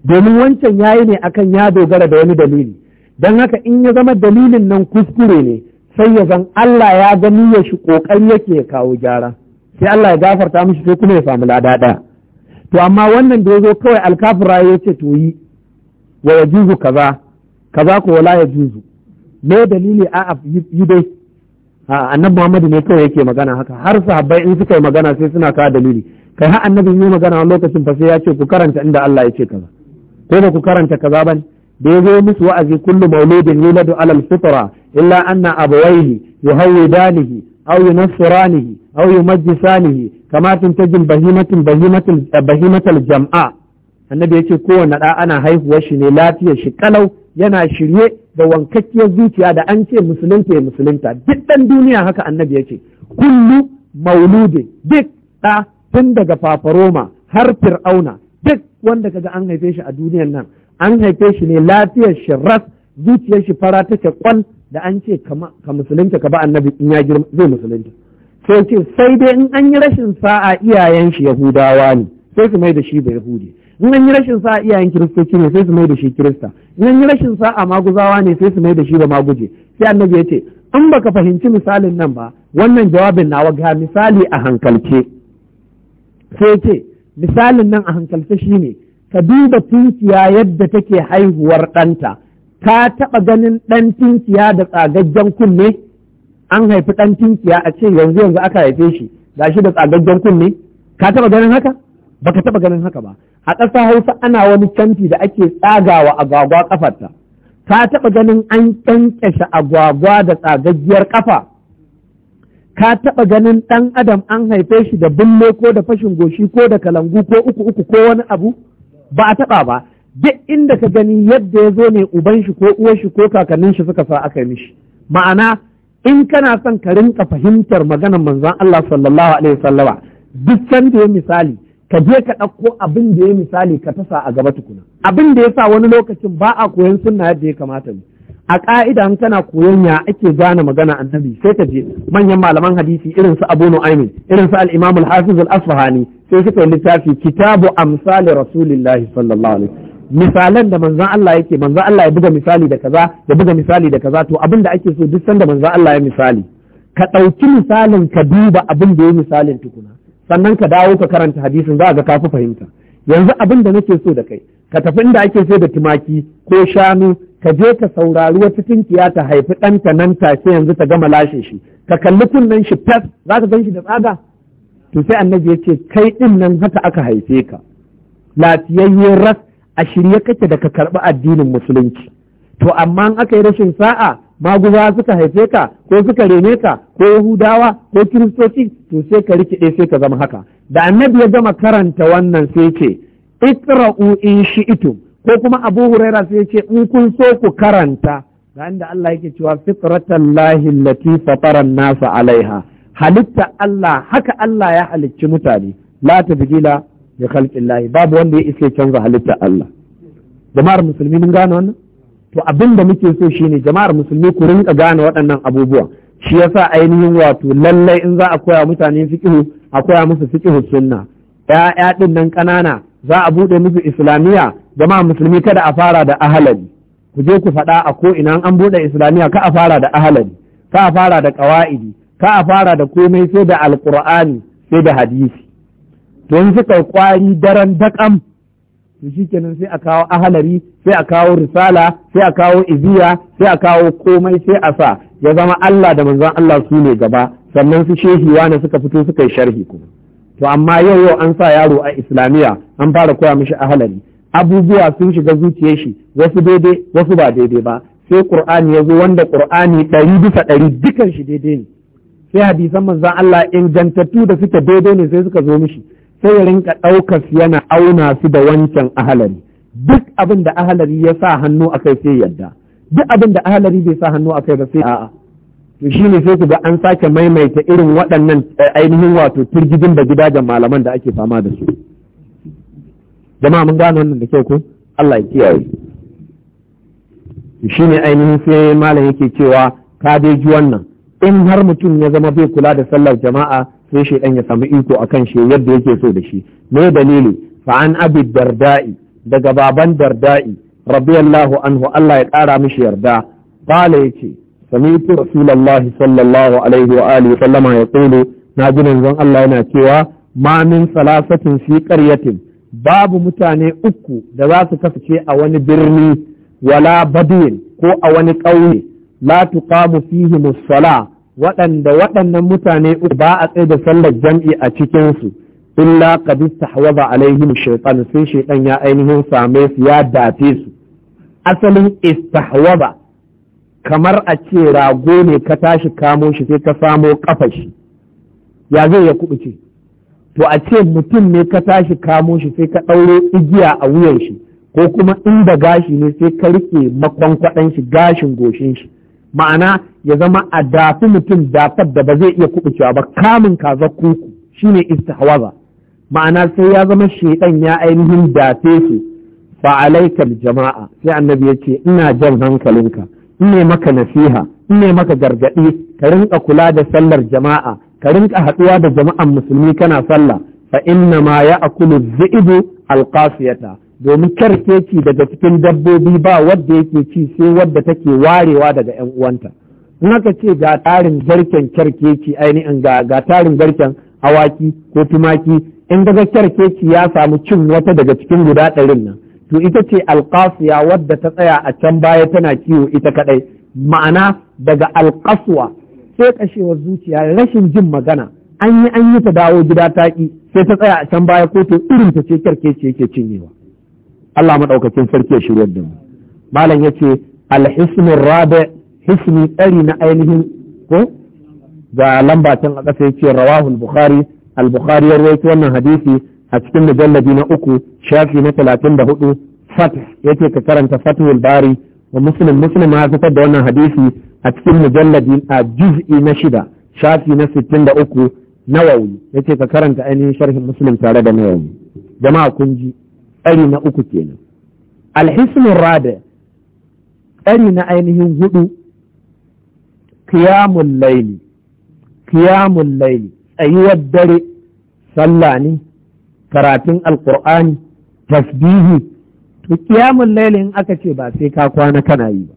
domin wancan ya yi ne akan ya dogara da wani dalili don haka in ya zama dalilin nan kuskure ne sai ya zan Allah ya gani ya shi kokari yake ya kawo gyara sai Allah ya gafarta mishi sai kuma ya samu lada ɗaya to amma wannan da ya zo kawai alkafura ya ce to yi wa ya juzu kaza kaza ko wala ya juzu me dalili a yi dai annabi Muhammadu ne kawai yake magana haka har sahabbai in suka yi magana sai suna kawo dalili kai har annabi yi magana wani lokacin fa sai ya ce ku karanta inda Allah ya ce kaza ko ba ku karanta kaza ba da ya zo musu wa'azi kullu mauludin yuladu alal fitra illa anna abawaihi yuhawidanihi aw yunassiranihi aw yumajjisanihi kama tuntajil bahimatin bahimatil eh, bahimatal jam'a annabi yace kowanne da ana haihuwar shi ne lafiyar shi kalau yana shirye da wankakkiyar zuciya da an ce musulunta ya musulunta duk ɗan duniya haka annabi ya ce kullu mauludi. duk ɗa tun daga fafaroma har fir'auna duk wanda kaga an haife shi a duniyan nan an haife shi ne lafiyar shi ras zuciyar shi fara take kwan da an ce ka musulunta ka ba annabi in ya girma zai musulunta sai ce sai dai in an yi rashin sa'a iyayen shi yahudawa ne sai su mai da shi ba yahudi in an yi rashin sa'a iyayen kiristoci ne sai su mai da shi kirista in an yi rashin sa'a maguzawa ne sai su mai da shi ba maguje sai annabi ya ce in baka fahimci misalin nan ba wannan jawabin nawa ga misali a hankalce sai ce misalin nan a hankalce shine ka duba tunkiya yadda take haihuwar ɗanta ka taɓa ganin ɗan tunkiya da tsagaggen kunne an haifi ɗan tunkiya a ce yanzu yanzu aka haife shi gashi da tsagaggen kunne ka taɓa ganin haka baka taba ganin haka ba a ƙasa hausa ana wani canti da ake tsagawa agwagwa kafarta ka taba ganin an kyankyashe agwagwa da tsagaggiyar kafa ka taba ganin ɗan adam an haife shi da bullo ko da fashin goshi ko da kalangu ko uku uku ko wani abu ba a taba ba duk inda ka gani yadda ya zo ne uban shi ko uwar shi ko kakannin shi suka sa aka yi mishi ma'ana in kana son ka rinka fahimtar maganar manzon Allah sallallahu alaihi wasallama duk can da misali ka je ka ɗauko abin da ya misali ka tasa a gaba tukuna abin da ya sa wani lokacin ba a koyon sunna yadda ya kamata ne a ƙa'ida in kana koyon ya ake gane magana annabi sai ka je manyan malaman hadisi irin su Abu Nu'aymin irin su al-Imam al-Hafiz al-Asfahani sai suka yi littafi Kitabu Amsal Rasulillah sallallahu alaihi misalan da manzon Allah yake manzon Allah ya buga misali da kaza ya buga misali da kaza to abin da ake so duk sanda manzon Allah ya misali ka ɗauki misalin ka duba abin da ya misalin tukuna sannan ka dawo ka karanta hadisin za a ga ka fahimta yanzu abin da nake so da kai ka tafi inda ake sai da tumaki ko shanu ka je ka saurari wata tinkiya ta haifi ɗanta nan take yanzu ta gama lashe shi ka kalli kunnen shi fes za ka gan shi da tsada to sai annabi ya ce kai ɗin nan haka aka haife ka lafiyayye ras a shirye kake da ka karɓi addinin musulunci to amma in aka yi rashin sa'a maguza suka haife ka ko suka rene ka ko yahudawa ko kiristoci to sai ka rikide sai ka zama haka da annabi ya gama karanta wannan sai ce iqra'u in shi'tum ko kuma abu huraira sai ce in kun so ku karanta ga inda Allah yake cewa fitratan lahi allati fatara nasa alaiha halitta Allah haka Allah ya halicci mutane la tabdila li khalqi babu wanda ya iske canza halitta Allah jama'ar musulmi mun gane wannan to abin da muke so shine jama'ar musulmi ku rinka gane waɗannan abubuwa shi yasa ainihin wato lallai in za a koya mutane fiqhu a koya musu fiqhu sunna ya'ya ɗin nan ƙanana za a buɗe musu islamiyya jama'a musulmi kada a fara da ahalali ku je ku faɗa a ko ina an buɗe islamiyya ka a fara da ahalali ka a fara da ƙawa'idi ka a fara da komai sai da alqur'ani sai da hadisi don suka kwari daren daƙam to kenan sai a kawo ahalari sai a kawo risala sai a kawo iziya sai a kawo komai sai a sa ya zama Allah da manzon Allah su ne gaba sannan su shehi wani suka fito suka yi sharhi kuma to amma yau yau an sa yaro a islamiya an fara koya mishi ahalari abubuwa sun shiga zuciyar shi wasu daidai wasu ba daidai ba sai qur'ani yazo wanda qur'ani ɗari bisa ɗari dukan shi daidai ne sai hadisan manzon Allah ingantattu da suka daidai ne sai suka zo mishi sai ya rinka ɗaukas yana auna su da wancan ahalari duk abin da ahalari ya sa hannu a kai sai yadda duk abin da ahalari bai sa hannu a kai ba sai a'a to shi ne sai ku ga an sake maimaita irin waɗannan eh, ainihin wato turgidin da gidajen malaman da ake fama da su jama'a mun gano wannan da kyau ko Allah ya kiyaye shi ne ainihin sai malam yake cewa ka dai ji wannan in har mutum ya zama bai kula da sallar jama'a sai ɗan ya samu iko kan shi yadda yake so da shi me dalili fa an abi darda'i daga baban darda'i radiyallahu anhu Allah ya ƙara mishi yarda qala yace sami'tu rasulullahi sallallahu alaihi wa alihi sallama yaqulu na ji manzon Allah yana cewa ma min salasatin fi qaryatin babu mutane uku da za su kasance a wani birni wala badin ko a wani ƙauye la tuqamu fihi musalla waɗanda waɗannan mutane ba a tsaye da sallar jam'i a cikinsu illa qad istahwaza alaihim shaitan sai shaitan ya ainihin same su ya dafe su asalin istahwaba. kamar a ce rago ne ka tashi kamo shi sai ka samo kafa shi ya zai ya kubuce to a ce mutum ne ka tashi kamo shi sai ka ɗaure igiya a wuyan shi ko kuma inda gashi ne sai ka riƙe makwankwaɗan shi gashin goshin shi ma'ana ya zama a dafi mutum dafar da ba zai iya kubucewa ba kamun kaza kuku shine istihwaza ma'ana sai ya zama shaidan ya ainihin dafe su fa jama'a sai annabi yace ina jan hankalinka ne maka nasiha ne maka gargaɗi ka rinka kula da sallar jama'a ka rinka haɗuwa da jama'an musulmi kana sallah fa inna ma ya akulu zi'ibu alqasiyata domin kyarkeci daga cikin dabbobi ba wadda yake ci sai wadda take warewa daga 'yan uwanta in aka ce ga tarin garken kyarkeci ainihin ga tarin garken awaki ko tumaki in daga kyarkeci ya samu cin wata daga cikin guda ɗarin nan to ita ce alƙasuwa wadda ta tsaya a can baya tana kiwo ita kaɗai ma'ana daga alƙasuwa sai kashewar zuciya rashin jin magana an yi an yi ta dawo gida taƙi sai ta tsaya a can baya ko to irin ta ce kyarkeci yake cinyewa Allah maɗaukakin sarki ya shirya da mu malam yace alhismin Rabe, hismi ɗari na ainihin ko ga lamba can a ƙasa yace rawahu bukhari al-bukhari ya rawaito wannan hadisi a cikin mujalladi na uku shafi na talatin da hudu ya yace ka karanta fathul bari wa muslim muslim ya fitar da wannan hadisi a cikin mujalladi a juz'i na shida shafi na sittin da uku nawawi yace ka karanta ainihin sharhin muslim tare da nawawi jama'a kun ji Ƙari na uku kenan alhismin rada ƙari na ainihin hudu kiyamun laili kiyamun laili tsayuwar dare sallani ne karatun alƙur'ani tasbihi to kiyamun laili in aka ce ba sai ka kwana kana yi ba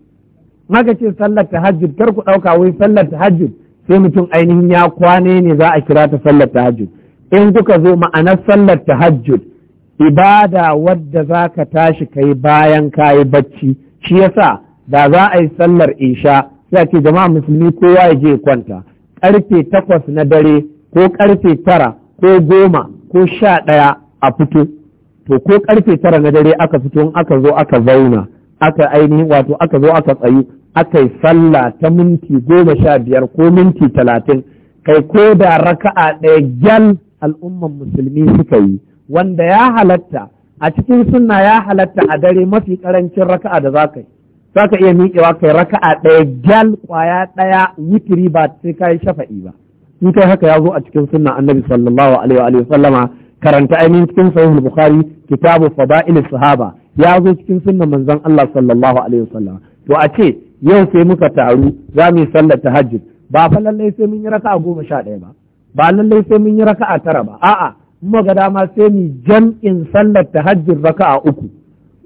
maka ce sallar tahajjud kar ku ɗauka wai sallar tahajjud sai mutum ainihin ya kwane ne za a kira ta sallar tahajjud in kuka zo ma'anar sallar tahajjud ibada wadda za ka tashi ka yi bayan ka yi bacci shi yasa da za a yi sallar isha sai ake jama'a musulmi kowa ya je kwanta karfe takwas na dare ko karfe tara ko goma ko sha ɗaya a fito to ko karfe tara na dare aka fito aka zo aka zauna aka ainihin wato aka zo aka tsayu aka yi sallah ta minti goma sha biyar ko minti talatin kai ko da raka'a ɗaya gyal al'umman musulmi suka yi wanda ya halatta a cikin sunna ya halatta a dare mafi karancin raka'a da za ka yi za ka iya miƙewa kai raka'a ɗaya gyal ƙwaya ɗaya witiri ba sai ka yi shafa'i ba in kai haka ya zo a cikin sunna annabi sallallahu alaihi wa sallama karanta ainihin cikin sahihul bukhari kitabu fada'il sahaba ya zo cikin sunna manzon Allah sallallahu alaihi wa sallama to a ce yau sai muka taru za mu yi sallar tahajjud ba fa lallai sai mun yi raka'a goma sha ɗaya ba ba lallai sai mun yi raka'a tara ba a'a mu ga dama sai mu jam'in sallar ta raka raka'a uku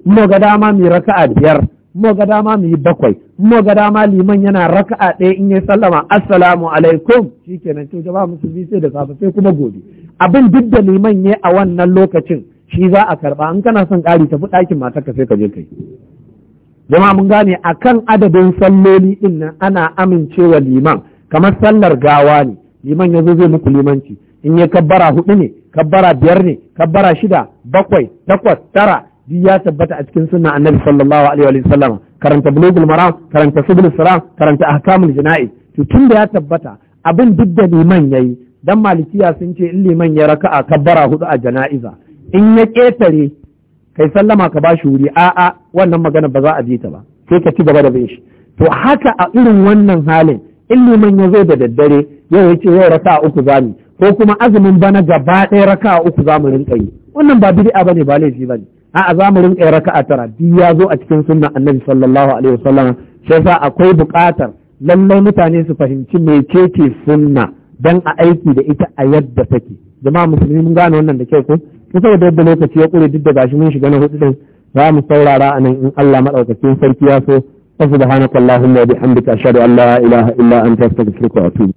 mu ga dama mu raka'a biyar mu ga dama mu yi bakwai mu ga dama liman yana raka'a ɗaya in ya sallama assalamu alaikum shikenan to jama'a musulmi sai da safe sai kuma gobe abin duk da liman ya a wannan lokacin shi za a karba in kana son ƙari tafi ɗakin matarka sai ka je kai jama'a mun gane akan adadin salloli din nan ana amincewa liman kamar sallar gawa ne liman ya zo zai muku limanci in ya kabbara hudu ne kabbara biyar ne kabbara shida bakwai takwas tara duk ya tabbata a cikin sunna annabi sallallahu alaihi wa sallam karanta bulugul maram karanta subul salam karanta ahkamul jana'iz to tun da ya tabbata abin duk da liman yayi dan malikiya sun ce in liman ya raka'a kabbara hudu a jana'iza in ya ketare kai sallama ka bashi wuri a'a wannan magana ba za a ji ta ba sai ka ci gaba da bin shi to haka a irin wannan halin in liman ya zo da daddare yau ya ce yau raka'a uku zami ko kuma azumin bana gaba ɗaya raka'a uku za mu rinka yi wannan ba bid'a bane ba laifi bane a'a za mu rinka raka'a tara duk ya zo a cikin sunna annabi sallallahu alaihi wasallam sai sa akwai buƙatar lallai mutane su fahimci ke sunna dan a aiki da ita a yadda take jama'a musulmi mun gane wannan da kyau ko kusa da yadda lokaci ya kure duk da gashi mun shiga na hudu din za mu saurara anan in Allah madaukakin sarki ya so subhanakallahumma wa bihamdika ashhadu an la ilaha illa anta astaghfiruka wa atubu